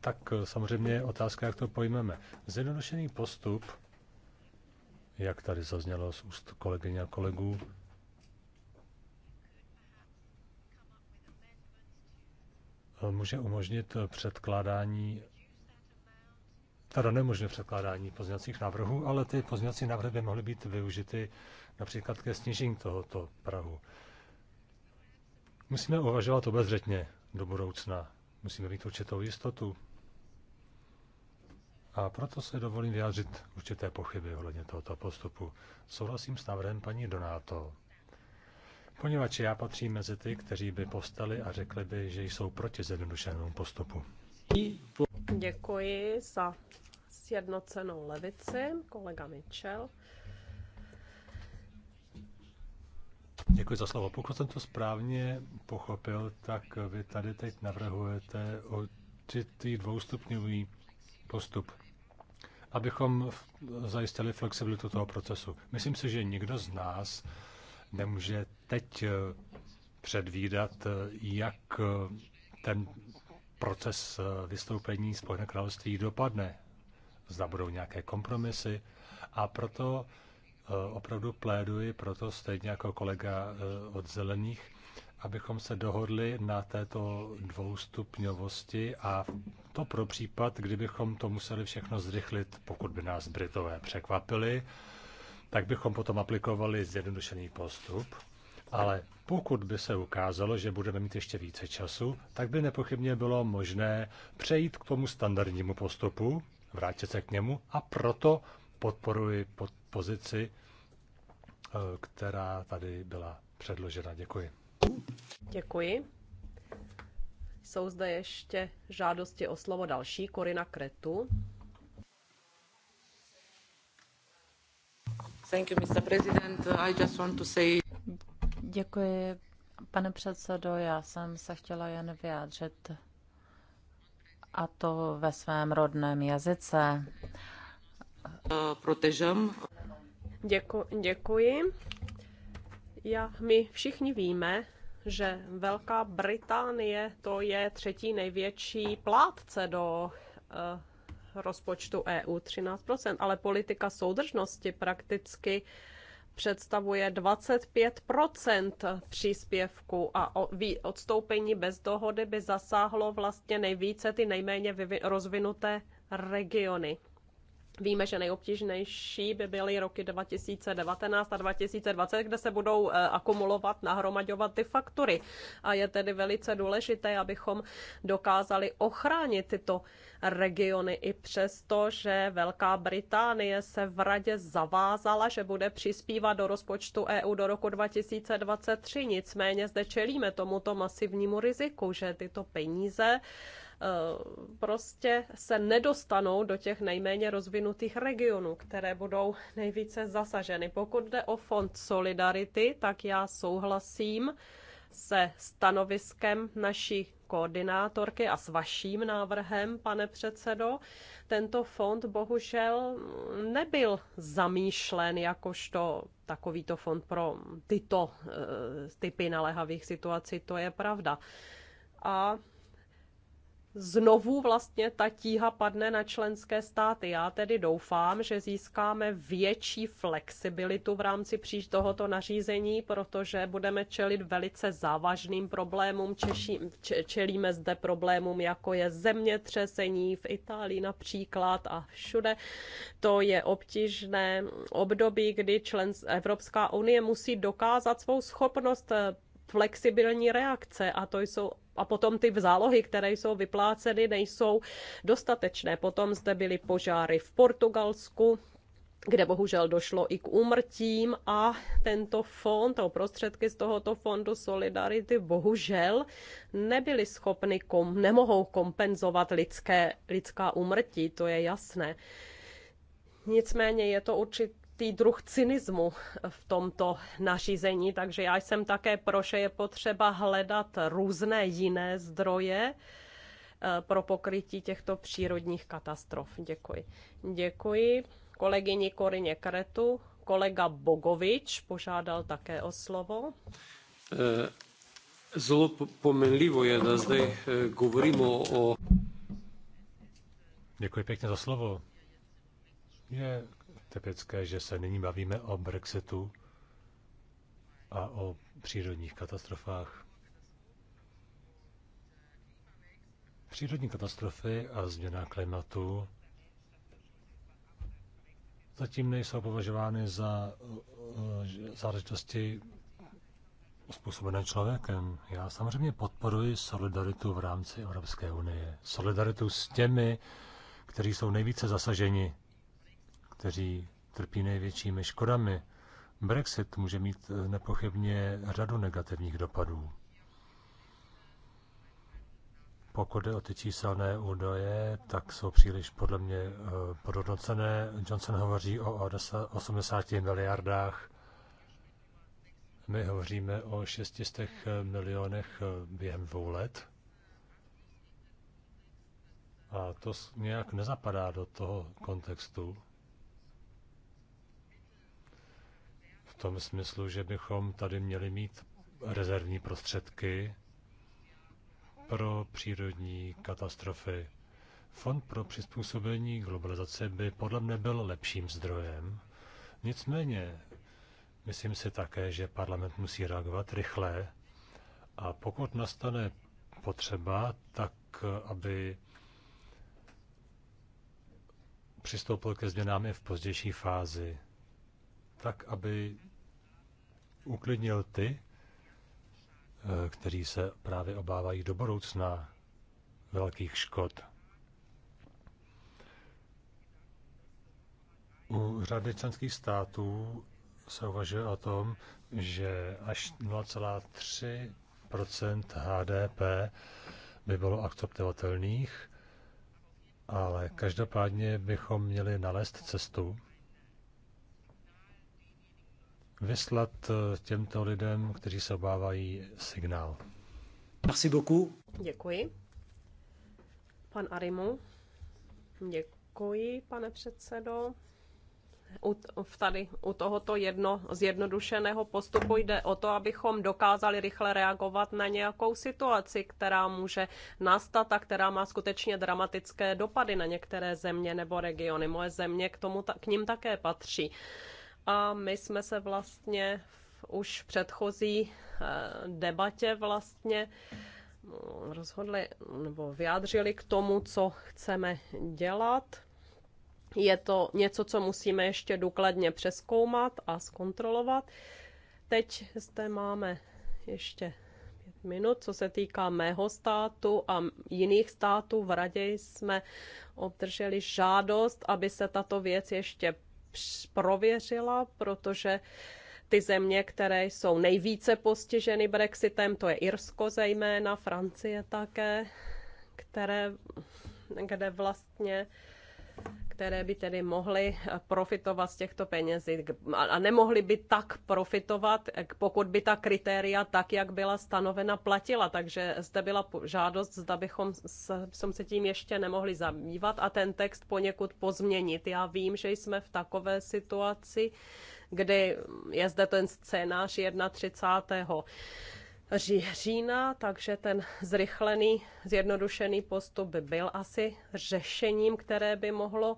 A: tak eh, samozřejmě je otázka, jak to pojmeme. Zjednodušený postup, jak tady zaznělo z úst kolegyně a kolegů, eh, může umožnit eh, předkládání teda nemožné předkládání pozměňovacích návrhů, ale ty pozměňovací návrhy by mohly být využity například ke snížení tohoto prahu. Musíme uvažovat obezřetně do budoucna. Musíme mít určitou jistotu. A proto se dovolím vyjádřit určité pochyby ohledně tohoto postupu. Souhlasím s návrhem paní Donáto. Poněvadž já patřím mezi ty, kteří by postali a řekli by, že jsou proti zjednodušenému postupu.
B: Děkuji za sjednocenou levici, kolega Mitchell.
A: Děkuji za slovo. Pokud jsem to správně pochopil, tak vy tady teď navrhujete určitý dvoustupňový postup, abychom zajistili flexibilitu toho procesu. Myslím si, že nikdo z nás nemůže teď předvídat, jak ten proces eh, vystoupení Spojené království dopadne. Zda budou nějaké kompromisy. A proto eh, opravdu pléduji, proto stejně jako kolega eh, od Zelených, abychom se dohodli na této dvoustupňovosti a to pro případ, kdybychom to museli všechno zrychlit, pokud by nás Britové překvapili, tak bychom potom aplikovali zjednodušený postup. Ale pokud by se ukázalo, že budeme mít ještě více času, tak by nepochybně bylo možné přejít k tomu standardnímu postupu, vrátit se k němu a proto podporuji pod pozici, eh, která tady byla předložena. Děkuji.
B: Děkuji. Jsou zde ještě žádosti o slovo další. Korina Kretu. Thank you, Mr. President. I just want to say...
D: Děkuji, pane předsedo. Já jsem se chtěla jen vyjádřit a to ve svém rodném jazyce.
B: Protežem. Děku, děkuji. Já, my všichni víme, že Velká Británie to je třetí největší plátce do uh, rozpočtu EU, 13%, ale politika soudržnosti prakticky uh, představuje 25 příspěvku a odstoupení bez dohody by zasáhlo vlastně nejvíce ty nejméně rozvinuté regiony. Víme, že nejobtížnější by byly roky 2019 a 2020, kde se budou eh, akumulovat, nahromaďovat ty faktory. A je tedy velice důležité, abychom dokázali ochránit tyto regiony i přesto, že Velká Británie se v radě zavázala, že bude přispívat do rozpočtu EU do roku 2023. Nicméně zde čelíme tomuto masivnímu riziku, že tyto peníze Eh, prostě se nedostanou do těch nejméně rozvinutých regionů, které budou nejvíce zasaženy. Pokud jde o fond Solidarity, tak já souhlasím se stanoviskem naší koordinátorky a s vaším návrhem, pane předsedo. Tento fond bohužel nebyl zamýšlen jakožto takovýto fond pro tyto eh, typy naléhavých situací, to je pravda. A znovu vlastně ta tíha padne na členské státy. Já tedy doufám, že získáme větší flexibilitu v rámci příš tohoto nařízení, protože budeme čelit velice závažným problémům. Češi, čelíme zde problémům, jako je zemětřesení v Itálii například a všude. To je obtížné období, kdy člen, Evropská unie musí dokázat svou schopnost flexibilní reakce a to jsou a potom ty zálohy, které jsou vypláceny, nejsou dostatečné. Potom zde byly požáry v Portugalsku, kde bohužel došlo i k úmrtím a tento fond, to prostředky z tohoto fondu Solidarity bohužel nebyly schopny, kom, nemohou kompenzovat lidské, lidská úmrtí, to je jasné. Nicméně je to určitě určitý druh cynismu v tomto nařízení, takže já jsem také pro, že je potřeba hledat různé jiné zdroje eh, pro pokrytí těchto přírodních katastrof. Děkuji. Děkuji kolegyni Korině Kretu. Kolega Bogovič požádal také o slovo.
A: Eh, zelo pomenljivo je, že zde eh, govorimo o... Děkuji pěkně za slovo. Je typické, že se nyní bavíme o Brexitu a o přírodních katastrofách. Přírodní katastrofy a změna klimatu zatím nejsou považovány za eh, záležitosti způsobené člověkem. Já samozřejmě podporuji solidaritu v rámci Evropské unie. Solidaritu s těmi, kteří jsou nejvíce zasaženi kteří trpí největšími škodami. Brexit může mít eh, nepochybně řadu negativních dopadů. Pokud jde o ty číselné údaje, tak jsou příliš podle mě eh, podhodnocené. Johnson hovoří o 80 miliardách. My hovoříme o 600 eh, milionech během dvou let. A to nějak nezapadá do toho kontextu. tom smyslu, že bychom tady měli mít rezervní prostředky pro přírodní katastrofy. Fond pro přizpůsobení globalizaci by podle mě byl lepším zdrojem. Nicméně, myslím si také, že parlament musí reagovat rychle a pokud nastane potřeba, tak aby přistoupil ke změnám i v pozdější fázi tak aby uklidnil ty, eh, kteří se právě obávají do budoucna velkých škod. U řady členských států se uvažuje o tom, že až 0,3 HDP by bylo akceptovatelných, ale každopádně bychom měli nalézt cestu, vyslat eh, těmto lidem, kteří se obávají, signál. Merci beaucoup.
B: Děkuji. Pan Arimu. Děkuji, pane předsedo. U, tady u tohoto jedno, zjednodušeného postupu jde o to, abychom dokázali rychle reagovat na nějakou situaci, která může nastat a která má skutečně dramatické dopady na některé země nebo regiony. Moje země k, tomu, k ním také patří. Uh, a my jsme se vlastně už v předchozí eh, debatě vlastně no, rozhodli nebo vyjádřili k tomu, co chceme dělat. Je to něco, co musíme ještě důkladně přeskoumat a zkontrolovat. Teď zde máme ještě pět minut, co se týká mého státu a jiných států. V radě jsme obdrželi žádost, aby se tato věc ještě prověřila, protože ty země, které jsou nejvíce postiženy Brexitem, to je Irsko zejména, Francie také, které, kde vlastně které by tedy mohly eh, profitovat z těchto peněz a nemohly by tak profitovat, eh, pokud by ta kritéria tak, jak byla stanovena, platila. Takže zde byla žádost, zda bychom jsem se tím ještě nemohli zabývat a ten text poněkud pozměnit. Já vím, že jsme v takové situaci, kdy je zde ten scénář 31 října, takže ten zrychlený, zjednodušený postup by byl asi řešením, které by mohlo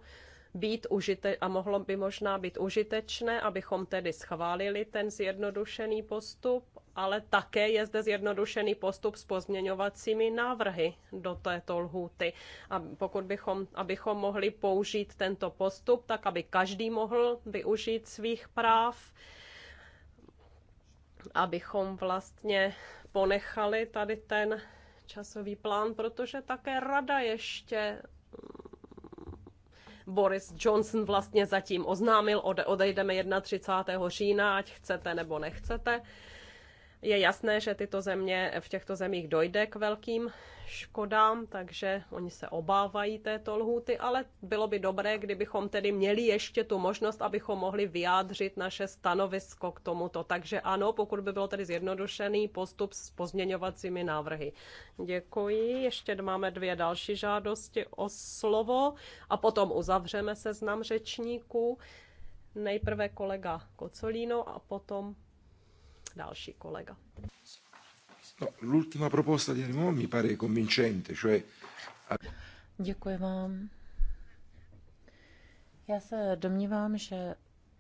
B: být užite- a mohlo by možná být užitečné, abychom tedy schválili ten zjednodušený postup, ale také je zde zjednodušený postup s pozměňovacími návrhy do této lhůty. A pokud bychom, abychom mohli použít tento postup, tak aby každý mohl využít svých práv, abychom vlastně ponechali tady ten časový plán, protože také rada ještě mm, Boris Johnson vlastně zatím oznámil, odejdeme 31. října, ať chcete nebo nechcete. Je jasné, že tyto země, v těchto zemích dojde k velkým škodám, takže oni se obávají této lhůty, ale bylo by dobré, kdybychom tedy měli ještě tu možnost, abychom mohli vyjádřit naše stanovisko k tomuto. Takže ano, pokud by bylo tedy zjednodušený postup s pozměňovacími návrhy. Děkuji. Ještě máme dvě další žádosti o slovo a potom uzavřeme seznam řečníků. Nejprve kolega Kocolíno a potom Další kolega.
D: No, l'ultima proposta di Arimont mi pare convincente, cioè... Děkuji vám. Já se domnívám, že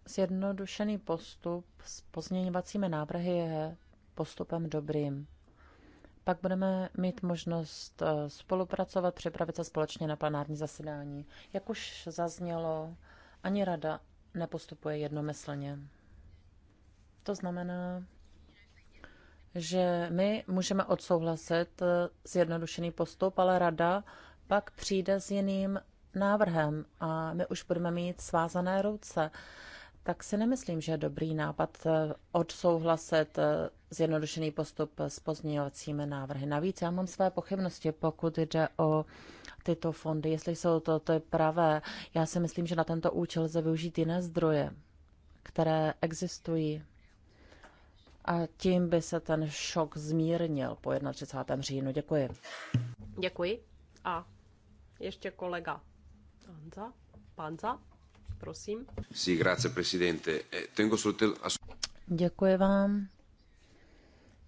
D: zjednodušený postup s pozměňovacími návrhy je postupem dobrým. Pak budeme mít možnost eh, spolupracovat, připravit se společně na plenární zasedání. Jak už zaznělo, ani rada nepostupuje jednomyslně. To znamená, že my můžeme odsouhlasit eh, zjednodušený postup, ale rada pak přijde s jiným návrhem a my už budeme mít svázané ruce. Tak si nemyslím, že je dobrý nápad eh, odsouhlasit eh, zjednodušený postup s pozměňovacími návrhy. Navíc já mám své pochybnosti, pokud jde o tyto fondy, jestli jsou to ty pravé. Já si myslím, že na tento účel lze využít jiné zdroje, které existují a tím by se ten šok zmírnil po 31. říjnu. Děkuji.
B: Děkuji. A ještě kolega Anza, Panza, prosím.
D: Sí, grazie, presidente. Eh, tengo Děkuji vám.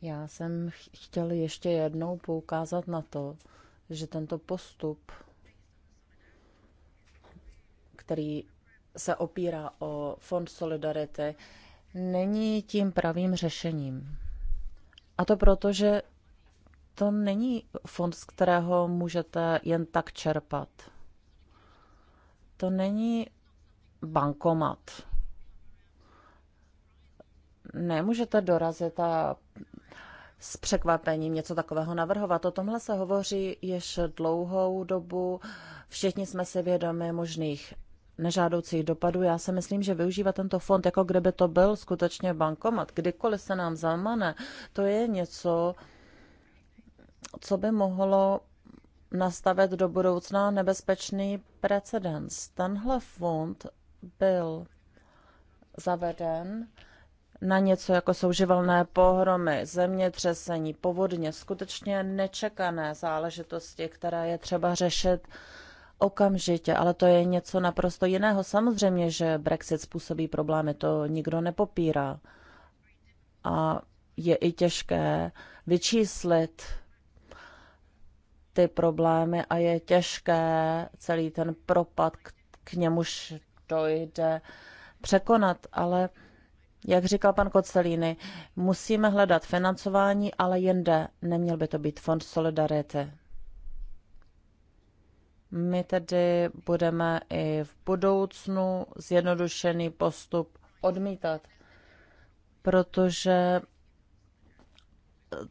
D: Já jsem chtěl ještě jednou poukázat na to, že tento postup, který se opírá o Fond Solidarity, není tím pravým řešením. A to proto, že to není fond, z kterého můžete jen tak čerpat. To není bankomat. Nemůžete dorazit a s překvapením něco takového navrhovat. O tomhle se hovoří již dlouhou dobu. Všichni jsme si vědomi možných nežádoucích dopadů. Já si myslím, že využívat tento fond, jako kdyby to byl skutečně bankomat, kdykoliv se nám zamane, to je něco, co by mohlo nastavit do budoucna nebezpečný precedens. Tenhle fond byl zaveden na něco, jako jsou živelné pohromy, zemětřesení, povodně, skutečně nečekané záležitosti, které je třeba řešit okamžitě, ale to je něco naprosto jiného. Samozřejmě, že Brexit způsobí problémy, to nikdo nepopírá. A je i těžké vyčíslit ty problémy a je těžké celý ten propad, k, k němuž dojde, překonat, ale jak říkal pan Kocelíny, musíme hledat financování, ale jinde neměl by to být fond solidarity. My tedy budeme i v budoucnu zjednodušený postup odmítat, protože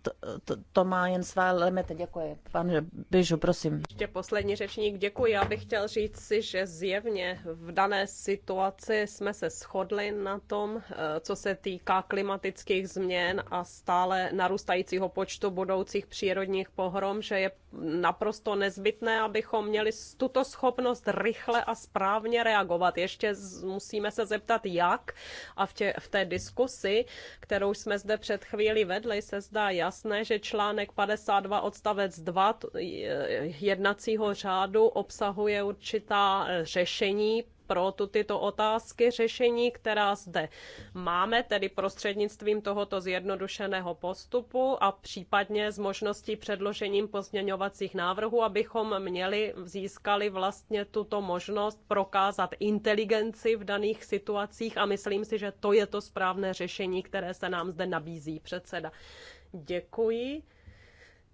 D: to, to, to má jen své limity. Děkuji. Pan Bižu, prosím.
B: Ještě poslední řečník, děkuji. Já bych chtěl říct si, že zjevně v dané situaci jsme se shodli na tom, eh, co se týká klimatických změn a stále narůstajícího počtu budoucích přírodních pohrom, že je naprosto nezbytné, abychom měli tuto schopnost rychle a správně reagovat. Ještě musíme se zeptat, jak a v, tě, v té diskusi, kterou jsme zde před chvíli vedli, se zdá jasné, že článek 52 odstavec 2 eh, jednacího řádu obsahuje určitá eh, řešení pro tyto otázky řešení, která zde máme, tedy prostřednictvím tohoto zjednodušeného postupu a případně s možností předložením pozměňovacích návrhů, abychom měli, získali vlastně tuto možnost prokázat inteligenci v daných situacích a myslím si, že to je to správné řešení, které se nám zde nabízí předseda. Děkuji.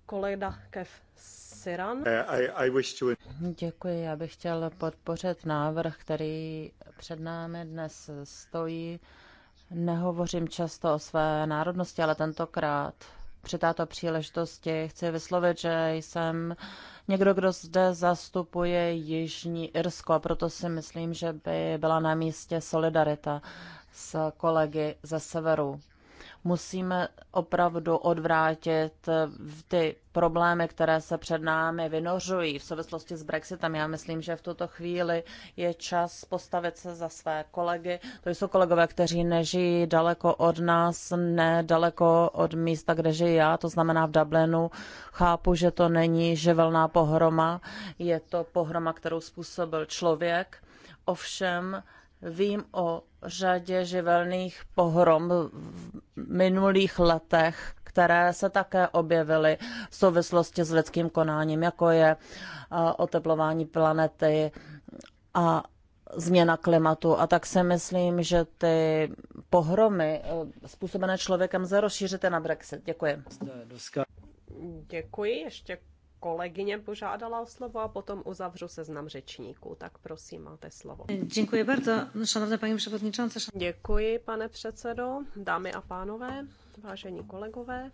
D: Kolega Kev Siran. Uh, I, I wish to... Děkuji, já bych chtěl podpořit návrh, který před námi dnes stojí. Nehovořím často o své národnosti, ale tentokrát při této příležitosti chci vyslovit, že jsem někdo, kdo zde zastupuje Jižní Irsko a proto si myslím, že by byla na místě solidarita s kolegy ze severu musíme opravdu odvrátit ty problémy, které se před námi vynořují v souvislosti s Brexitem. Já myslím, že v tuto chvíli je čas postavit se za své kolegy. To jsou kolegové, kteří nežijí daleko od nás, ne daleko od místa, kde žiji já, to znamená v Dublinu. Chápu, že to není živelná pohroma, je to pohroma, kterou způsobil člověk. Ovšem, Vím o řadě živelných pohrom v minulých letech, které se také objevily v souvislosti s lidským konáním, jako je oteplování planety a změna klimatu. A tak si myslím, že ty pohromy e, způsobené člověkem se rozšířit na Brexit. Děkuji.
B: Děkuji. Ještě kolegyně požádala o slovo a potom uzavřu seznam řečníků. Tak prosím, máte slovo. Děkuji bardzo, no, szanowna paní předsedničance. Děkuji, pane předsedo, dámy a pánové, vážení kolegové.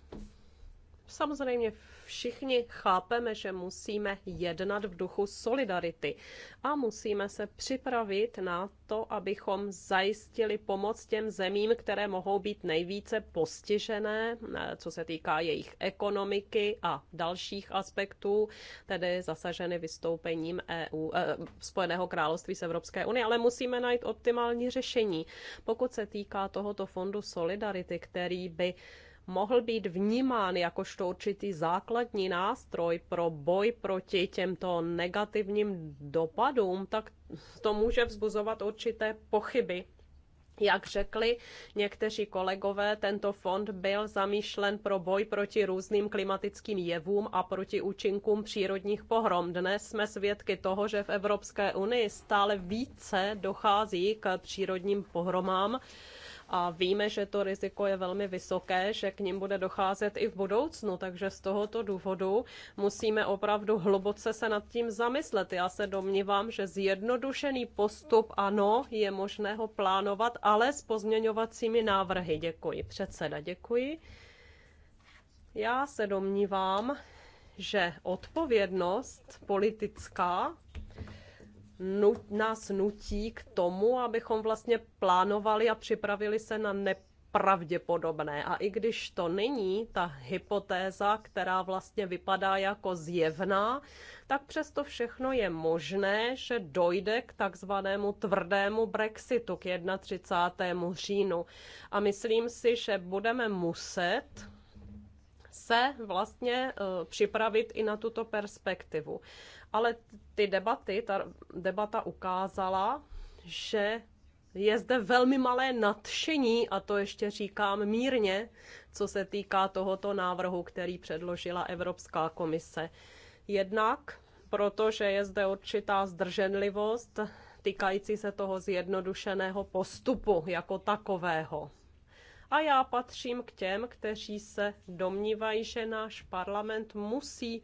B: Samozřejmě všichni chápeme, že musíme jednat v duchu solidarity a musíme se připravit na to, abychom zajistili pomoc těm zemím, které mohou být nejvíce postižené, eh, co se týká jejich ekonomiky a dalších aspektů, tedy zasaženy vystoupením EU, eh, Spojeného království z Evropské unie, ale musíme najít optimální řešení. Pokud se týká tohoto fondu solidarity, který by mohl být vnímán jakožto určitý základní nástroj pro boj proti těmto negativním dopadům, tak to může vzbuzovat určité pochyby jak řekli někteří kolegové, tento fond byl zamýšlen pro boj proti různým klimatickým jevům a proti účinkům přírodních pohrom. Dnes jsme svědky toho, že v Evropské unii stále více dochází k přírodním pohromám a víme, že to riziko je velmi vysoké, že k ním bude docházet i v budoucnu, takže z tohoto důvodu musíme opravdu hluboce se nad tím zamyslet. Já se domnívám, že zjednodušený postup ano, je možné ho plánovat, ale s pozměňovacími návrhy. Děkuji. Předseda, děkuji. Já se domnívám, že odpovědnost politická nut, nás nutí k tomu, abychom vlastně plánovali a připravili se na nepravděpodobné. A i když to není ta hypotéza, která vlastně vypadá jako zjevná, tak přesto všechno je možné, že dojde k takzvanému tvrdému Brexitu k 31. říjnu. A myslím si, že budeme muset se vlastně eh, připravit i na tuto perspektivu. Ale ty debaty, ta debata ukázala, že je zde velmi malé nadšení, a to ještě říkám mírně, co se týká tohoto návrhu, který předložila Evropská komise. Jednak, protože je zde určitá zdrženlivost týkající se toho zjednodušeného postupu jako takového. A já patřím k těm, kteří se domnívají, že náš parlament musí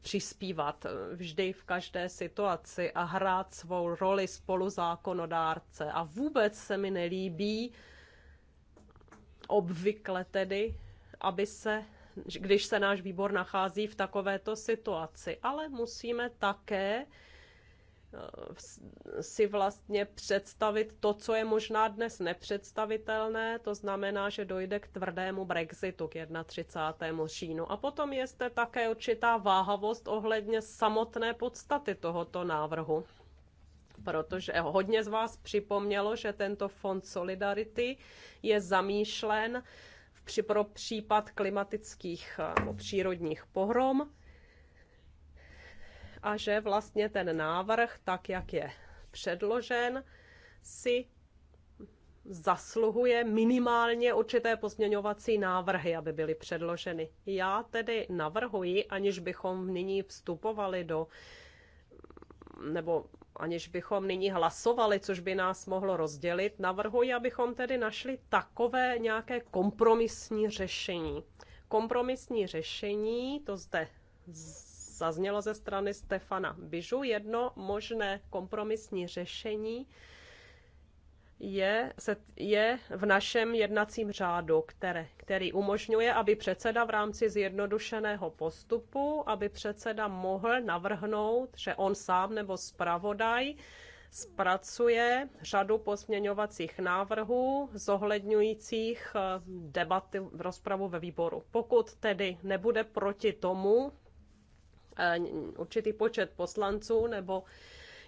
B: přispívat eh, vždy v každé situaci a hrát svou roli spoluzákonodárce. A vůbec se mi nelíbí, obvykle tedy, aby se, když se náš výbor nachází v takovéto situaci. Ale musíme také Eh, si vlastně představit to, co je možná dnes nepředstavitelné, to znamená, že dojde k tvrdému Brexitu k 31. říjnu. A potom je zde také určitá váhavost ohledně samotné podstaty tohoto návrhu. Protože hodně z vás připomnělo, že tento fond Solidarity je zamýšlen pro případ klimatických eh, nebo přírodních pohrom a že vlastně ten návrh, tak jak je předložen, si zasluhuje minimálně určité pozměňovací návrhy, aby byly předloženy. Já tedy navrhuji, aniž bychom nyní vstupovali do nebo aniž bychom nyní hlasovali, což by nás mohlo rozdělit, navrhuji, abychom tedy našli takové nějaké kompromisní řešení. Kompromisní řešení, to zde zaznělo ze strany Stefana Bižu. Jedno možné kompromisní řešení je, se, je v našem jednacím řádu, které, který umožňuje, aby předseda v rámci zjednodušeného postupu, aby předseda mohl navrhnout, že on sám nebo zpravodaj zpracuje řadu pozměňovacích návrhů zohledňujících eh, debaty v rozpravu ve výboru. Pokud tedy nebude proti tomu Eh, určitý počet poslanců nebo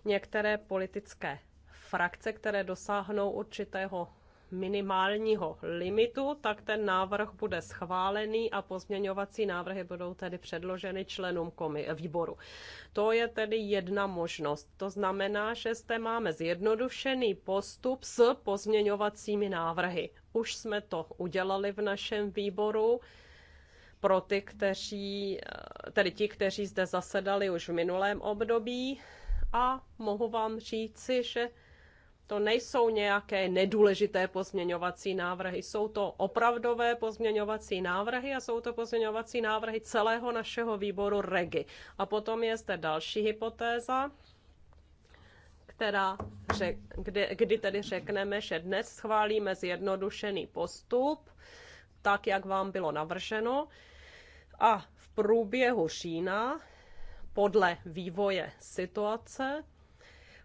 B: některé politické frakce, které dosáhnou určitého minimálního limitu, tak ten návrh bude schválený a pozměňovací návrhy budou tedy předloženy členům komi- výboru. To je tedy jedna možnost. To znamená, že zde máme zjednodušený postup s pozměňovacími návrhy. Už jsme to udělali v našem výboru pro ty, kteří, eh, tedy ti, kteří zde zasedali už v minulém období a mohu vám říci, že to nejsou nějaké nedůležité pozměňovací návrhy, jsou to opravdové pozměňovací návrhy a jsou to pozměňovací návrhy celého našeho výboru REGI. A potom je zde další hypotéza, která, řek, kdy, kdy tedy řekneme, že dnes schválíme zjednodušený postup, tak jak vám bylo navrženo, a v průběhu října podle vývoje situace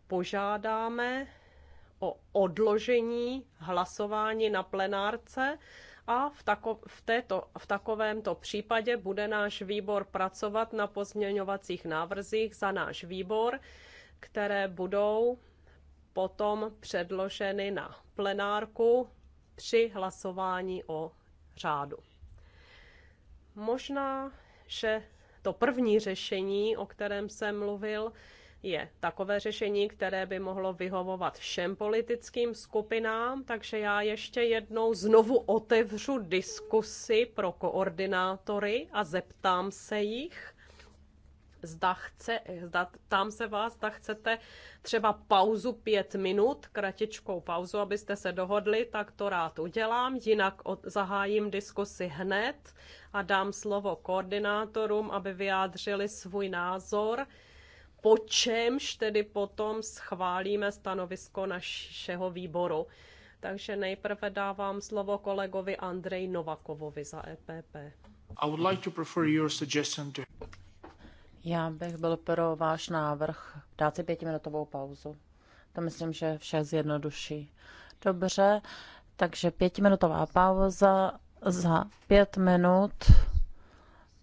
B: požádáme o odložení hlasování na plenárce a v, tako, v, této, v takovémto případě bude náš výbor pracovat na pozměňovacích návrzích za náš výbor, které budou potom předloženy na plenárku při hlasování o řádu. Možná, že to první řešení, o kterém jsem mluvil, je takové řešení, které by mohlo vyhovovat všem politickým skupinám, takže já ještě jednou znovu otevřu diskusy pro koordinátory a zeptám se jich, zda chce, zda, tam se vás, zda chcete třeba pauzu pět minut, kratičkou pauzu, abyste se dohodli, tak to rád udělám, jinak od, zahájím diskusy hned a dám slovo koordinátorům, aby vyjádřili svůj názor, po čemž tedy potom schválíme stanovisko našeho výboru. Takže nejprve dávám slovo kolegovi Andrej Novakovovi za EPP.
C: I would like to prefer your suggestion to...
D: Já bych byl pro váš návrh dát si pětiminutovou pauzu. To myslím, že vše zjednoduší. Dobře, takže pětiminutová pauza za pět minut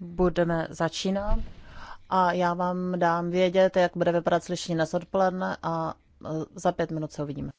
D: budeme začínat a já vám dám vědět, jak bude vypadat slyšení dnes odpoledne a za pět minut se uvidíme.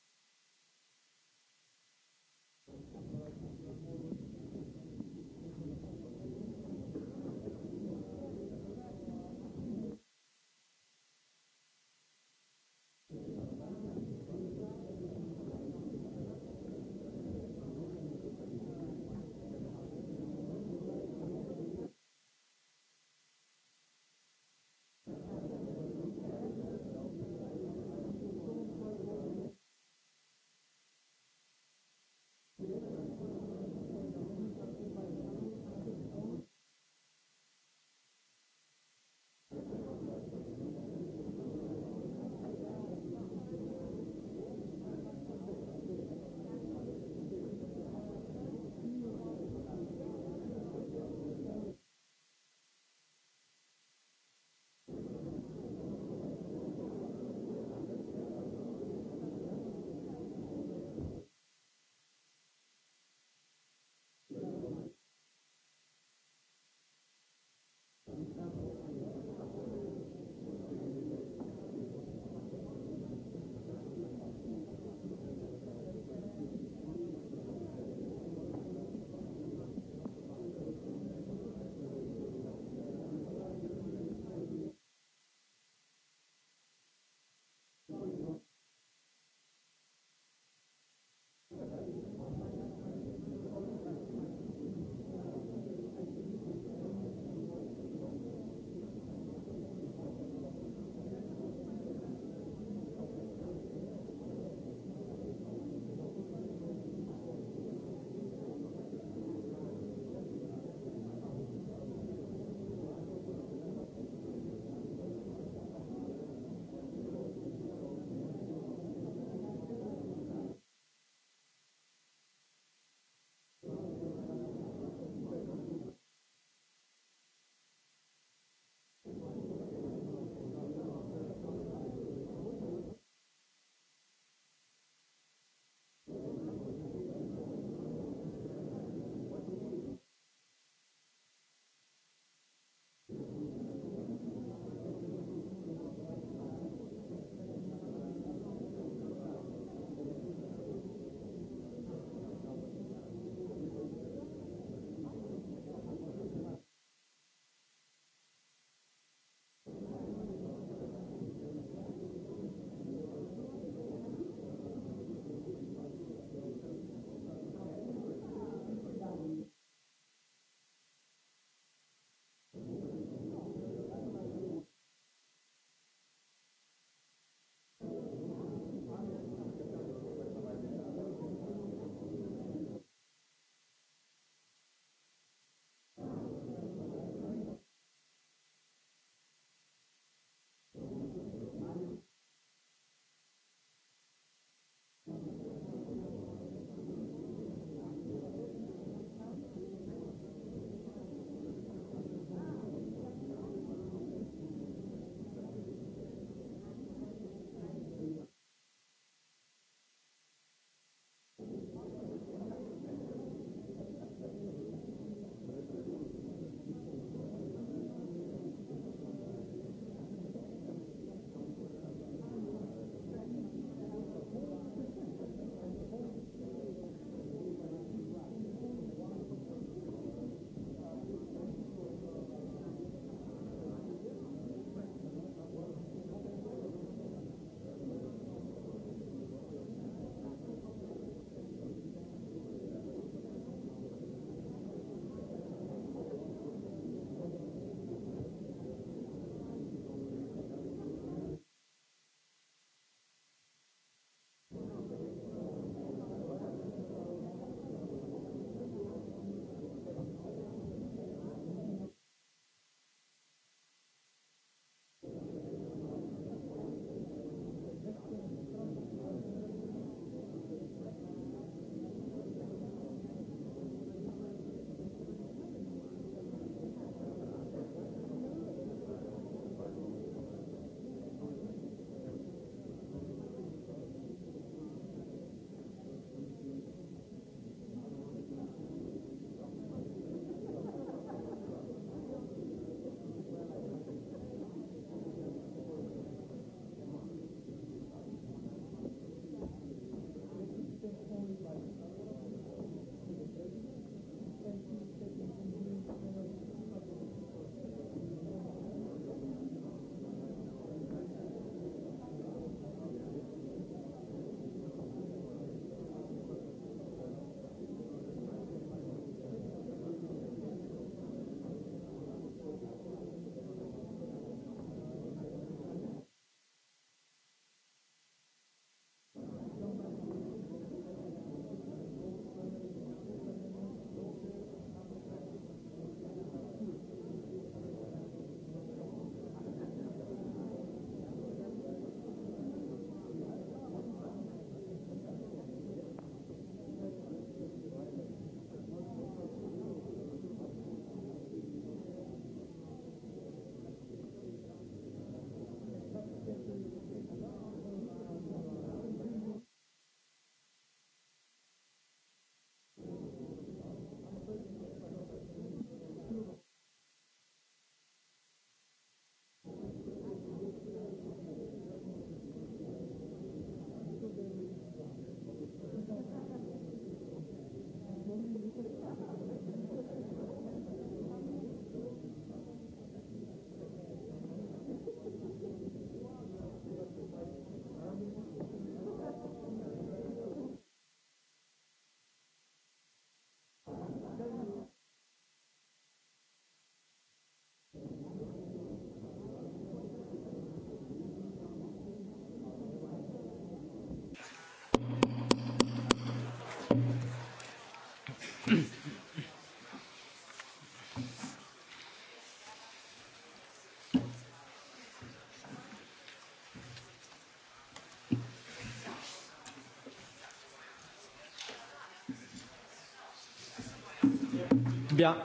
C: Bien.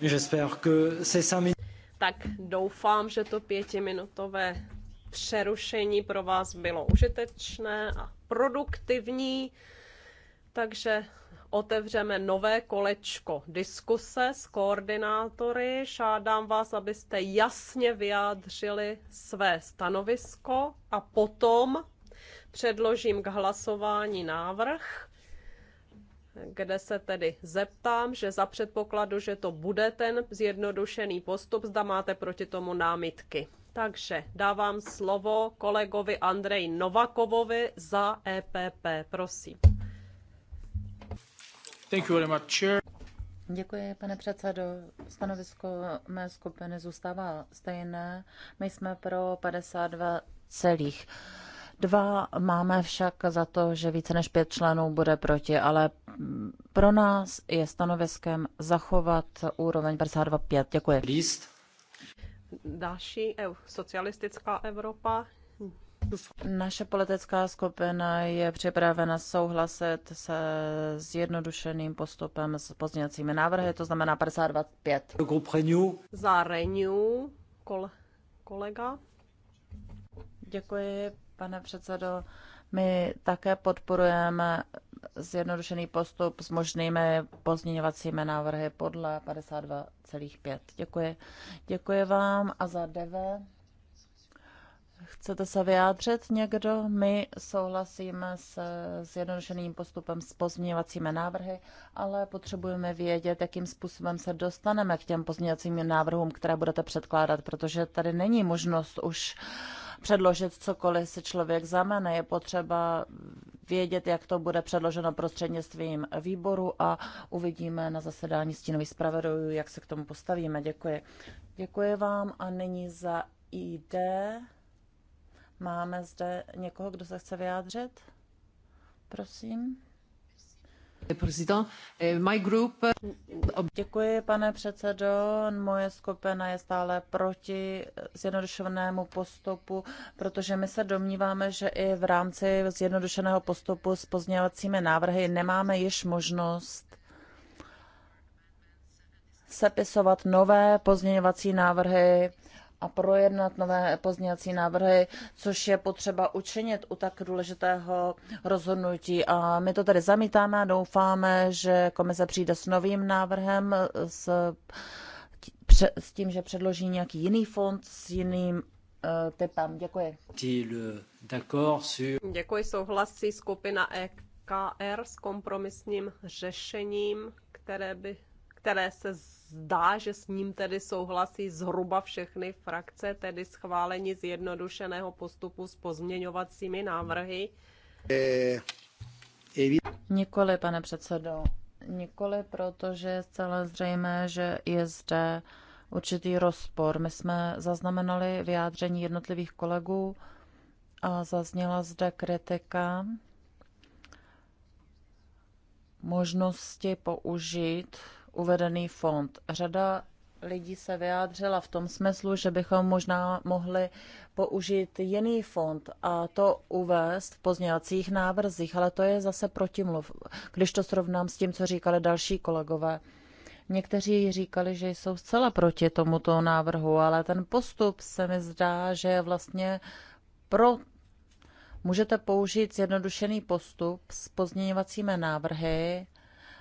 C: J'espère que
A: ces cinq minutes...
B: Tak doufám, že to pětiminutové přerušení pro vás bylo užitečné a produktivní. Takže otevřeme nové kolečko diskuse s koordinátory. Žádám vás, abyste jasně vyjádřili své stanovisko a potom předložím k hlasování návrh, kde se tedy zeptám, že za předpokladu, že to bude ten zjednodušený postup, zda máte proti tomu námitky. Takže dávám slovo kolegovi Andreji Novakovovi za EPP. Prosím.
D: Děkuji, pane předsedo. Stanovisko mé skupiny zůstává stejné. My jsme pro 52 celých. Dva máme však za to, že více než pět členů bude proti, ale pro nás je stanoviskem zachovat úroveň 52.5. Děkuji.
B: Další EU, socialistická Evropa
D: naše politická skupina je připravena souhlasit se zjednodušeným postupem s pozměňovacími návrhy, to znamená 525. Za Renew kol, kolega. Děkuji, pane předsedo. My také podporujeme zjednodušený postup s možnými pozměňovacími návrhy podle 52,5. Děkuji. Děkuji vám a za DEVE. Chcete se vyjádřit někdo? My souhlasíme s zjednodušeným postupem s pozměňovacími návrhy, ale potřebujeme vědět, jakým způsobem se dostaneme k těm pozměňovacím návrhům, které budete předkládat, protože tady není možnost už předložit cokoliv si člověk zamene. Je potřeba vědět, jak to bude předloženo prostřednictvím výboru a uvidíme na zasedání stínových zpravodajů, jak se k tomu postavíme. Děkuji. Děkuji vám a nyní za ID Máme zde někoho, kdo se chce vyjádřit? Prosím. Eh, eh, Děkuji, pane předsedo. Moje skupina je stále proti zjednodušenému postupu, protože my se domníváme, že i v rámci zjednodušeného postupu s pozměňovacími návrhy nemáme již možnost sepisovat nové pozměňovací návrhy a projednat nové pozněcí návrhy, což je potřeba učinit u tak důležitého rozhodnutí. A my to tady zamítáme a doufáme, že komise přijde s novým návrhem, s, s tím, že předloží nějaký jiný fond s jiným eh, typem. Děkuji. Děkuji,
B: souhlasí skupina EKR s kompromisním řešením, které, by, které se zdá, že s ním tedy souhlasí zhruba všechny frakce, tedy schválení zjednodušeného postupu s pozměňovacími návrhy.
D: Eh, eh, Nikoli, pane předsedo. Nikoli, protože je zcela zřejmé, že je zde určitý rozpor. My jsme zaznamenali vyjádření jednotlivých kolegů a zazněla zde kritika možnosti použít uvedený fond. Řada lidí se vyjádřila v tom smyslu, že bychom možná mohli použít jiný fond a to uvést v pozněvacích návrzích, ale to je zase protimluv, když to srovnám s tím, co říkali další kolegové. Někteří říkali, že jsou zcela proti tomuto návrhu, ale ten postup se mi zdá, že je vlastně pro. Můžete použít zjednodušený postup s pozměňovacími návrhy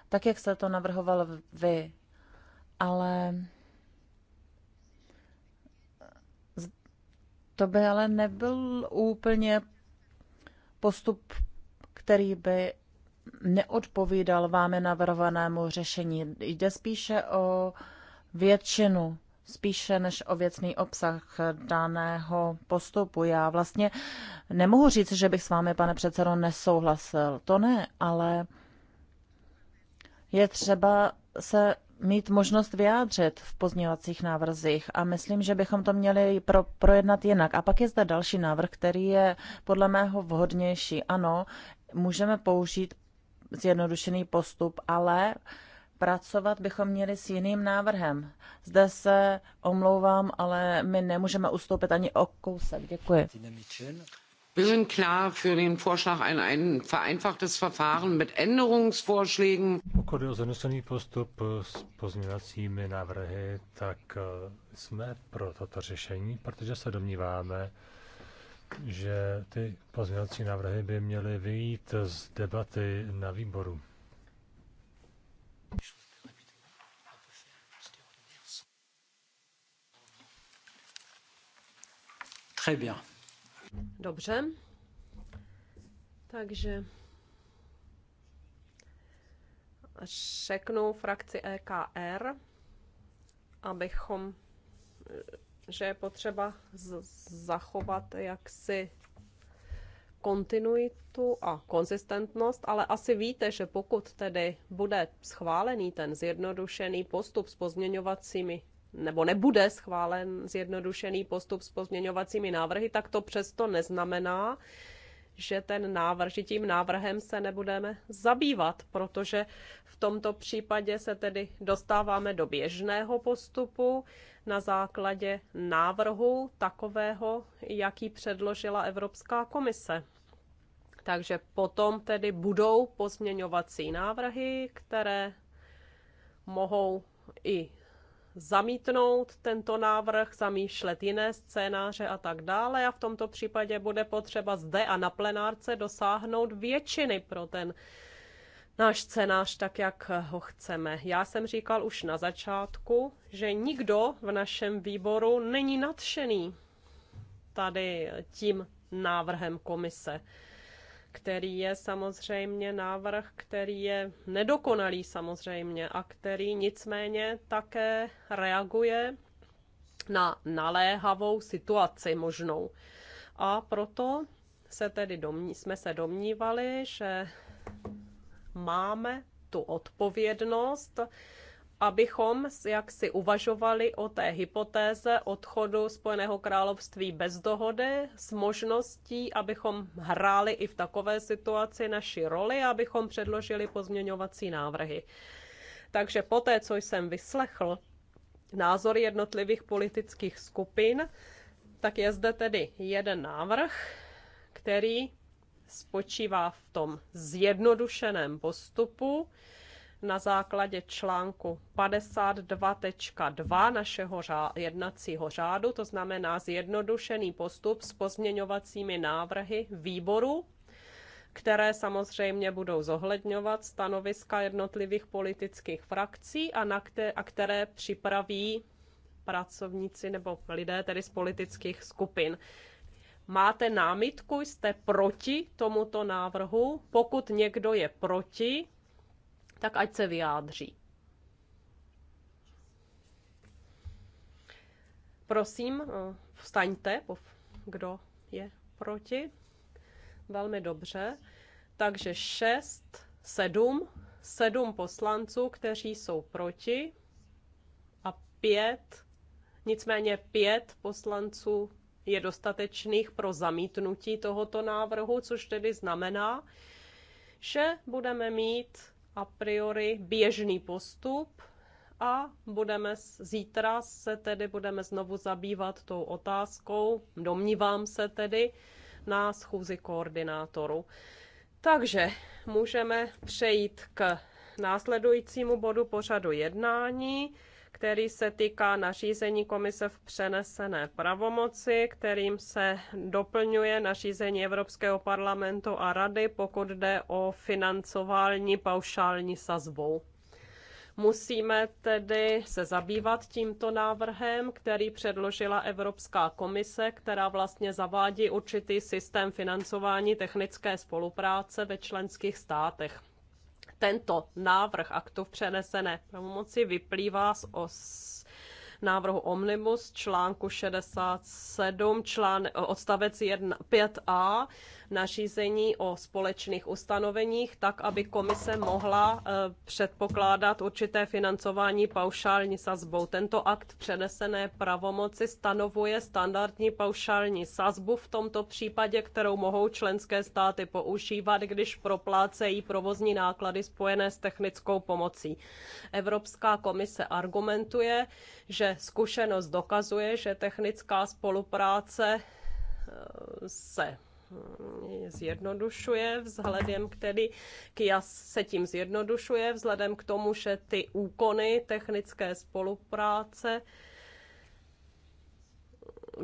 D: tak jak jste to navrhoval vy. Ale to by ale nebyl úplně postup, který by neodpovídal vámi navrhovanému řešení. Jde spíše o většinu, spíše než o věcný obsah daného postupu. Já vlastně nemohu říct, že bych s vámi, pane předsedo, nesouhlasil. To ne, ale je třeba se mít možnost vyjádřit v pozměňovacích návrzích a myslím, že bychom to měli pro, projednat jinak. A pak je zde další návrh, který je podle mého vhodnější. Ano, můžeme použít zjednodušený postup, ale pracovat bychom měli s jiným návrhem. Zde se omlouvám, ale my nemůžeme ustoupit ani o kousek. Děkuji.
C: Wir sind klar für den Vorschlag ein, ein vereinfachtes Verfahren mit Änderungsvorschlägen.
A: Pokud je o zjednodušený postup s pozměňovacími návrhy, tak eh, jsme pro toto řešení, protože se domníváme, že ty pozměňovací návrhy by měly vyjít z debaty na výboru. Très bien.
B: Dobře. Takže řeknu frakci EKR, abychom, že je potřeba zachovat jaksi kontinuitu a konzistentnost, ale asi víte, že pokud tedy bude schválený ten zjednodušený postup s pozměňovacími nebo nebude schválen zjednodušený postup s pozměňovacími návrhy, tak to přesto neznamená, že ten návrh, že tím návrhem se nebudeme zabývat, protože v tomto případě se tedy dostáváme do běžného postupu na základě návrhu takového, jaký předložila Evropská komise. Takže potom tedy budou pozměňovací návrhy, které mohou i zamítnout tento návrh, zamýšlet jiné scénáře a tak dále. A v tomto případě bude potřeba zde a na plenárce dosáhnout většiny pro ten náš scénář tak, jak ho chceme. Já jsem říkal už na začátku, že nikdo v našem výboru není nadšený tady tím návrhem komise který je samozřejmě návrh, který je nedokonalý samozřejmě a který nicméně také reaguje na naléhavou situaci možnou. A proto se tedy domní, jsme se domnívali, že máme tu odpovědnost abychom jaksi uvažovali o té hypotéze odchodu Spojeného království bez dohody s možností, abychom hráli i v takové situaci naši roli, abychom předložili pozměňovací návrhy. Takže poté, co jsem vyslechl názory jednotlivých politických skupin, tak je zde tedy jeden návrh, který spočívá v tom zjednodušeném postupu, na základě článku 52.2 našeho jednacího řádu, to znamená zjednodušený postup s pozměňovacími návrhy výboru, které samozřejmě budou zohledňovat stanoviska jednotlivých politických frakcí a, na které, a které připraví pracovníci nebo lidé tedy z politických skupin. Máte námitku, jste proti tomuto návrhu? Pokud někdo je proti, tak ať se vyjádří. Prosím, eh, vstaňte, kdo je proti. Velmi dobře. Takže 6, 7, 7 poslanců, kteří jsou proti a 5, nicméně 5 poslanců je dostatečných pro zamítnutí tohoto návrhu, což tedy znamená, že budeme mít a priori běžný postup a budeme zítra se tedy budeme znovu zabývat tou otázkou, domnívám se tedy, na schůzi koordinátoru. Takže můžeme přejít k následujícímu bodu pořadu jednání který se týká nařízení komise v přenesené pravomoci, kterým se doplňuje nařízení Evropského parlamentu a rady, pokud jde o financování paušální sazbou. Musíme tedy se zabývat tímto návrhem, který předložila Evropská komise, která vlastně zavádí určitý systém financování technické spolupráce ve členských státech tento návrh aktu v přenesené pravomoci vyplývá z os návrhu Omnibus článku 67 člán, odstavec 1, 5a nařízení o společných ustanoveních, tak aby komise mohla eh, předpokládat určité financování paušální sazbou. Tento akt přenesené pravomoci stanovuje standardní paušální sazbu v tomto případě, kterou mohou členské státy používat, když proplácejí provozní náklady spojené s technickou pomocí. Evropská komise argumentuje, že zkušenost dokazuje, že technická spolupráce eh, se hm, vlastně zjednodušuje vzhledem k tedy, jas se tím zjednodušuje vzhledem k tomu, že ty úkony technické spolupráce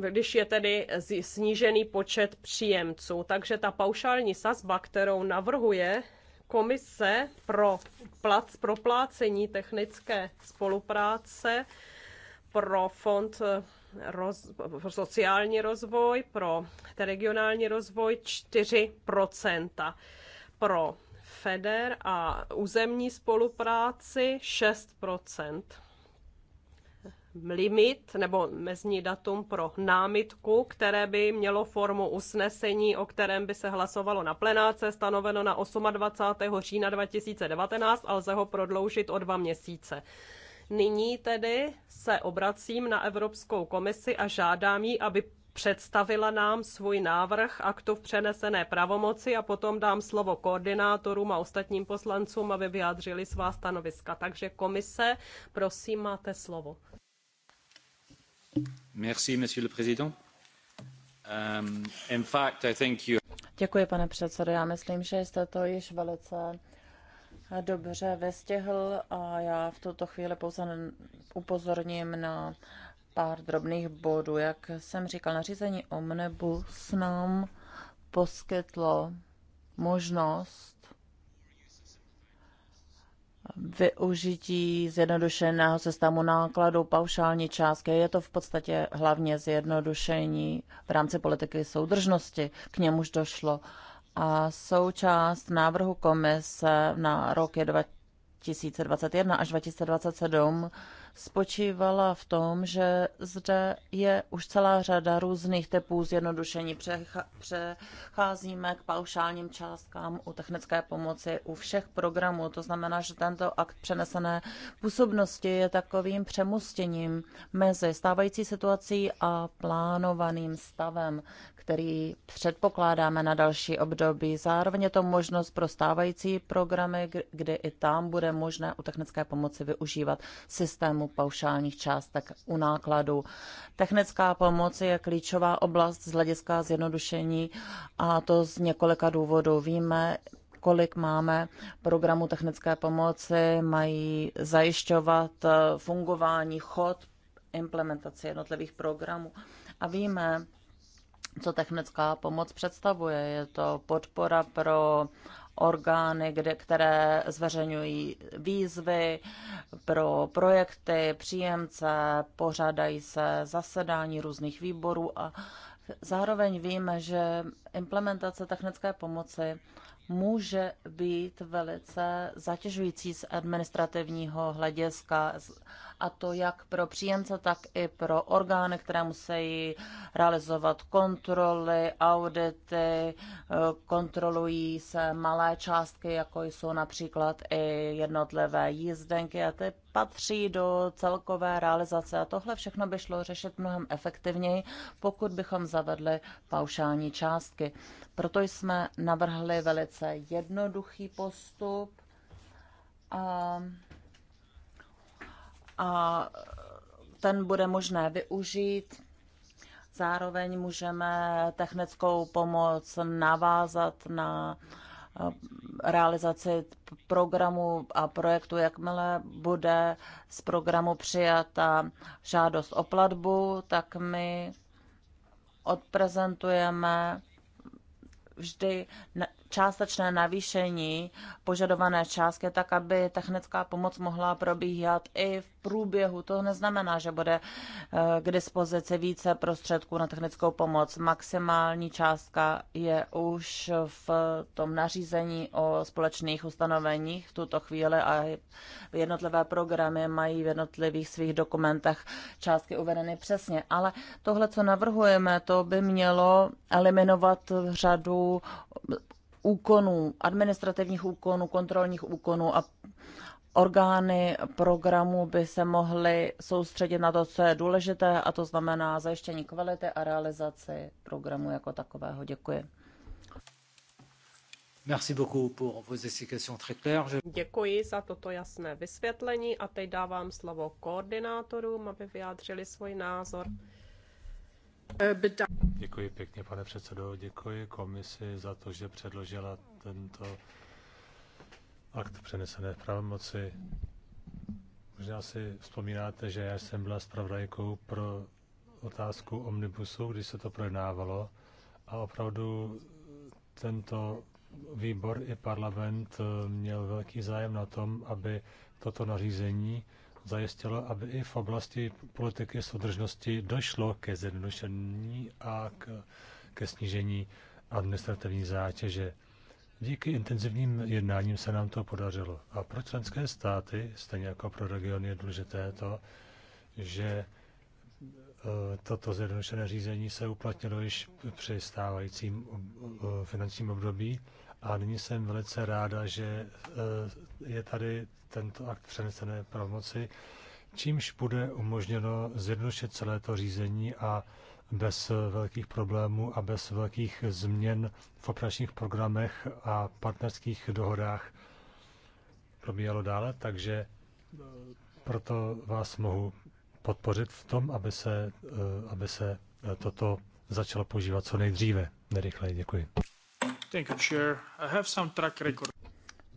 B: když je tedy snížený počet příjemců. Takže ta paušální sazba, kterou navrhuje komise pro plac, proplácení technické spolupráce pro fond roz, pro sociální rozvoj, pro regionální rozvoj 4 pro FEDER a územní spolupráci 6 limit nebo mezní datum pro námitku, které by mělo formu usnesení, o kterém by se hlasovalo na plenáce, stanoveno na 28. října 2019 a lze ho prodloužit o dva měsíce. Nyní tedy se obracím na Evropskou komisi a žádám ji, aby představila nám svůj návrh aktu v přenesené pravomoci a potom dám slovo koordinátorům a ostatním poslancům, aby vyjádřili svá stanoviska. Takže komise, prosím, máte slovo.
A: Merci, monsieur le président. Um, in fact, I think you...
D: Děkuji, pane předsedo. Já myslím, že jste to již velice dobře vestihl a já v tuto chvíli pouze upozorním na pár drobných bodů. Jak jsem říkal, nařízení Omnibus nám poskytlo možnost využití zjednodušeného systému nákladů paušální částky. Je to v podstatě hlavně zjednodušení v rámci politiky soudržnosti. K němuž došlo a součást návrhu komise na roky 2021 až 2027 spočívala v tom, že zde je už celá řada různých typů zjednodušení. Přecházíme k paušálním částkám u technické pomoci u všech programů. To znamená, že tento akt přenesené působnosti je takovým přemustěním mezi stávající situací a plánovaným stavem, který předpokládáme na další období. Zároveň je to možnost pro stávající programy, kdy i tam bude možné u technické pomoci využívat systému paušálních částek u nákladů. Technická pomoc je klíčová oblast z hlediska zjednodušení a to z několika důvodů. Víme, kolik máme programu technické pomoci, mají zajišťovat eh, fungování, chod, implementaci jednotlivých programů. A víme, co technická pomoc představuje. Je to podpora pro orgány, kde, které zveřejňují výzvy pro projekty, příjemce, pořádají se zasedání různých výborů a zároveň víme, že implementace technické pomoci může být velice zatěžující z administrativního hlediska, a to jak pro příjemce, tak i pro orgány, které musí realizovat kontroly, audity, eh, kontrolují se malé částky, jako jsou například i jednotlivé jízdenky a ty patří do celkové realizace. A tohle všechno by šlo řešit mnohem efektivněji, pokud bychom zavedli paušální částky. Proto jsme navrhli velice velice jednoduchý postup a, a ten bude možné využít. Zároveň můžeme technickou pomoc navázat na realizaci programu a projektu, jakmile bude z programu přijata žádost o platbu, tak my odprezentujeme vždy částečné navýšení požadované částky, tak aby technická pomoc mohla probíhat i v průběhu. To neznamená, že bude eh, k dispozici více prostředků na technickou pomoc. Maximální částka je už v tom nařízení o společných ustanoveních v tuto chvíli a jednotlivé programy mají v jednotlivých svých dokumentech částky uvedeny přesně. Ale tohle, co navrhujeme, to by mělo eliminovat řadu úkonů, administrativních úkonů, kontrolních úkonů a orgány programu by se mohly soustředit na to, co je důležité, a to znamená zajištění kvality a realizaci programu jako takového. Děkuji.
A: Merci beaucoup pour vos explications très claires. Je...
B: Děkuji za toto jasné vysvětlení a teď dávám slovo koordinátorům, aby vyjádřili svůj názor.
A: Děkuji pěkně, pane předsedo. Děkuji komisi za to, že předložila tento akt přenesené pravomoci. Možná si vzpomínáte, že já jsem byla zpravodajkou pro otázku omnibusu, když se to projednávalo a opravdu tento výbor i parlament měl velký zájem na tom, aby toto nařízení zajistilo, aby i v oblasti politiky soudržnosti došlo ke zjednodušení a k, ke snížení administrativní zátěže. Díky intenzivním jednáním se nám to podařilo. A pro členské státy, stejně jako pro regiony, je důležité to, že e, toto zjednodušené řízení se uplatnilo již při stávajícím e, finančním období a nyní jsem velice ráda, že e, je tady tento akt přenesené pravomoci, čímž bude umožněno zjednodušit celé to řízení a bez velkých problémů a bez velkých změn v operačních programech a partnerských dohodách probíhalo dále, takže e, proto vás mohu podpořit v tom, aby se, e, aby se e, toto začalo používat co nejdříve. Nerychleji, děkuji.
C: Thank you, I have some track record.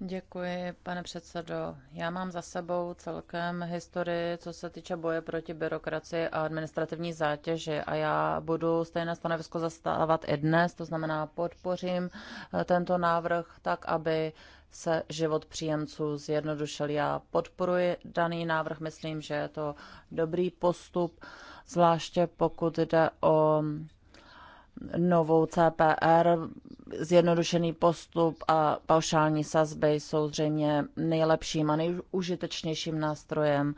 D: Děkuji, pane předsedo. Já mám za sebou celkem historii, co se týče boje proti byrokracii a administrativní zátěži a já budu stejné stanovisko zastávat i dnes, to znamená podpořím eh, tento návrh tak, aby se život příjemců zjednodušil. Já podporuji daný návrh, myslím, že je to dobrý postup, zvláště pokud jde o novou CPR. Zjednodušený postup a paušální sazby jsou zřejmě nejlepším a nejužitečnějším nástrojem,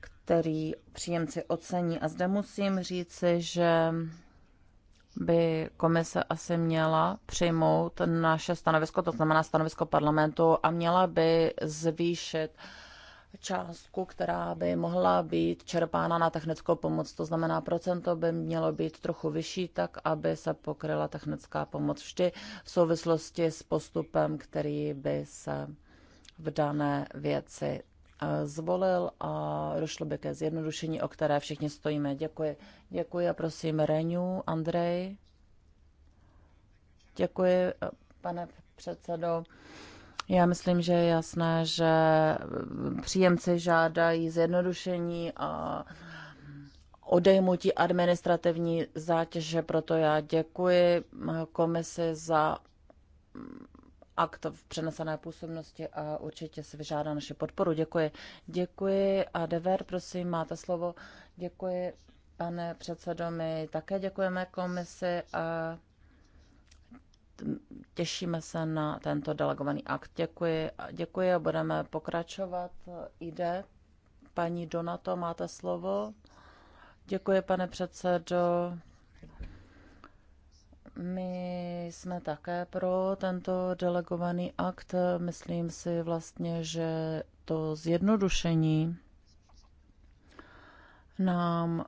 D: který příjemci ocení. A zde musím říci, že by komise asi měla přijmout naše stanovisko, to znamená stanovisko parlamentu, a měla by zvýšit uh, částku, která by mohla být čerpána na technickou pomoc. To znamená, procento by mělo být trochu vyšší, tak aby se pokryla technická pomoc vždy v souvislosti s postupem, který by se v dané věci eh, zvolil a došlo by ke zjednodušení, o které všichni stojíme. Děkuji. Děkuji a prosím Renu, Andrej. Děkuji, eh, pane předsedo. Já myslím, že je jasné, že příjemci žádají zjednodušení a odejmutí administrativní zátěže, proto já děkuji komisi za akt v přenesené působnosti a určitě si vyžádá naši podporu. Děkuji. Děkuji a Dever, prosím, máte slovo. Děkuji, pane předsedo, my také děkujeme komisi a Těšíme se na tento delegovaný akt. Děkuji, děkuji a budeme pokračovat. Jde. Paní Donato, máte slovo. Děkuji, pane předsedo. My jsme také pro tento delegovaný akt. Myslím si vlastně, že to zjednodušení nám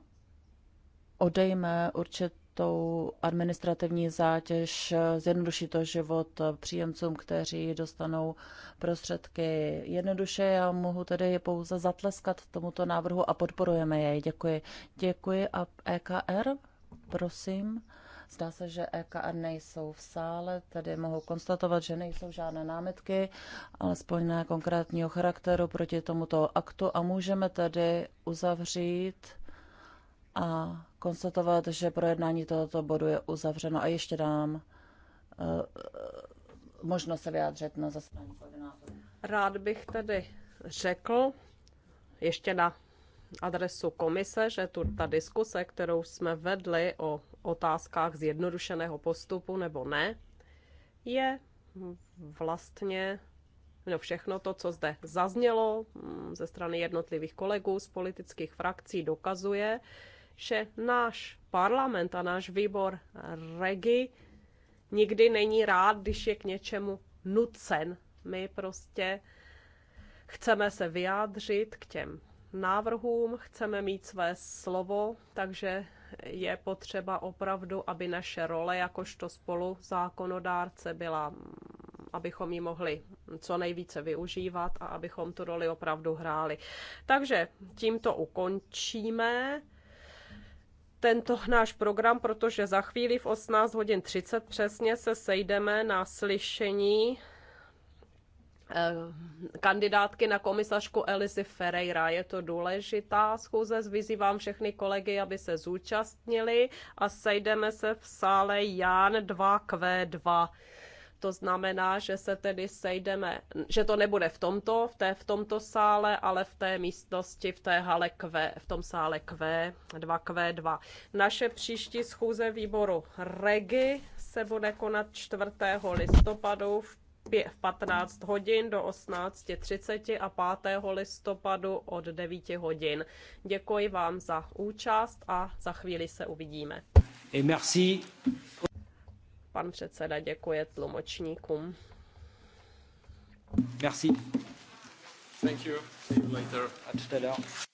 D: odejme určitě tou administrativní zátěž, zjednoduší to život příjemcům, kteří dostanou prostředky jednoduše. Já mohu tedy pouze zatleskat tomuto návrhu a podporujeme jej. Děkuji. Děkuji a EKR, prosím. Zdá se, že EKR nejsou v sále, tedy mohu konstatovat, že nejsou žádné námitky, alespoň ne konkrétního charakteru proti tomuto aktu a můžeme tedy uzavřít a konstatovat, že projednání tohoto bodu je uzavřeno a ještě dám eh, možnost se vyjádřit na zasedání koordinátorů.
B: Rád bych tedy řekl ještě na adresu komise, že tu ta diskuse, kterou jsme vedli o otázkách zjednodušeného postupu nebo ne, je vlastně no všechno to, co zde zaznělo mm, ze strany jednotlivých kolegů z politických frakcí, dokazuje, že náš parlament a náš výbor regi nikdy není rád, když je k něčemu nucen. My prostě chceme se vyjádřit k těm návrhům, chceme mít své slovo, takže je potřeba opravdu, aby naše role jakožto spolu zákonodárce byla, abychom ji mohli co nejvíce využívat a abychom tu roli opravdu hráli. Takže tímto ukončíme tento náš program, protože za chvíli v 18 hodin 30 přesně se sejdeme na slyšení eh, kandidátky na komisařku Elizy Ferreira. Je to důležitá schůze, vyzývám všechny kolegy, aby se zúčastnili a sejdeme se v sále Jan 2Q2. To znamená, že se tedy sejdeme, že to nebude v tomto, v, té, v tomto sále, ale v té místnosti, v té hale Q, v tom sále Q, 2Q2. Naše příští schůze výboru REGI se bude konat 4. listopadu v 15 hodin do 18.30 a 5. listopadu od 9 hodin. Děkuji vám za účast a za chvíli se uvidíme.
A: Et merci.
B: Pan předseda děkuje tlumočníkům.
A: Merci. Thank
B: you. See you later. At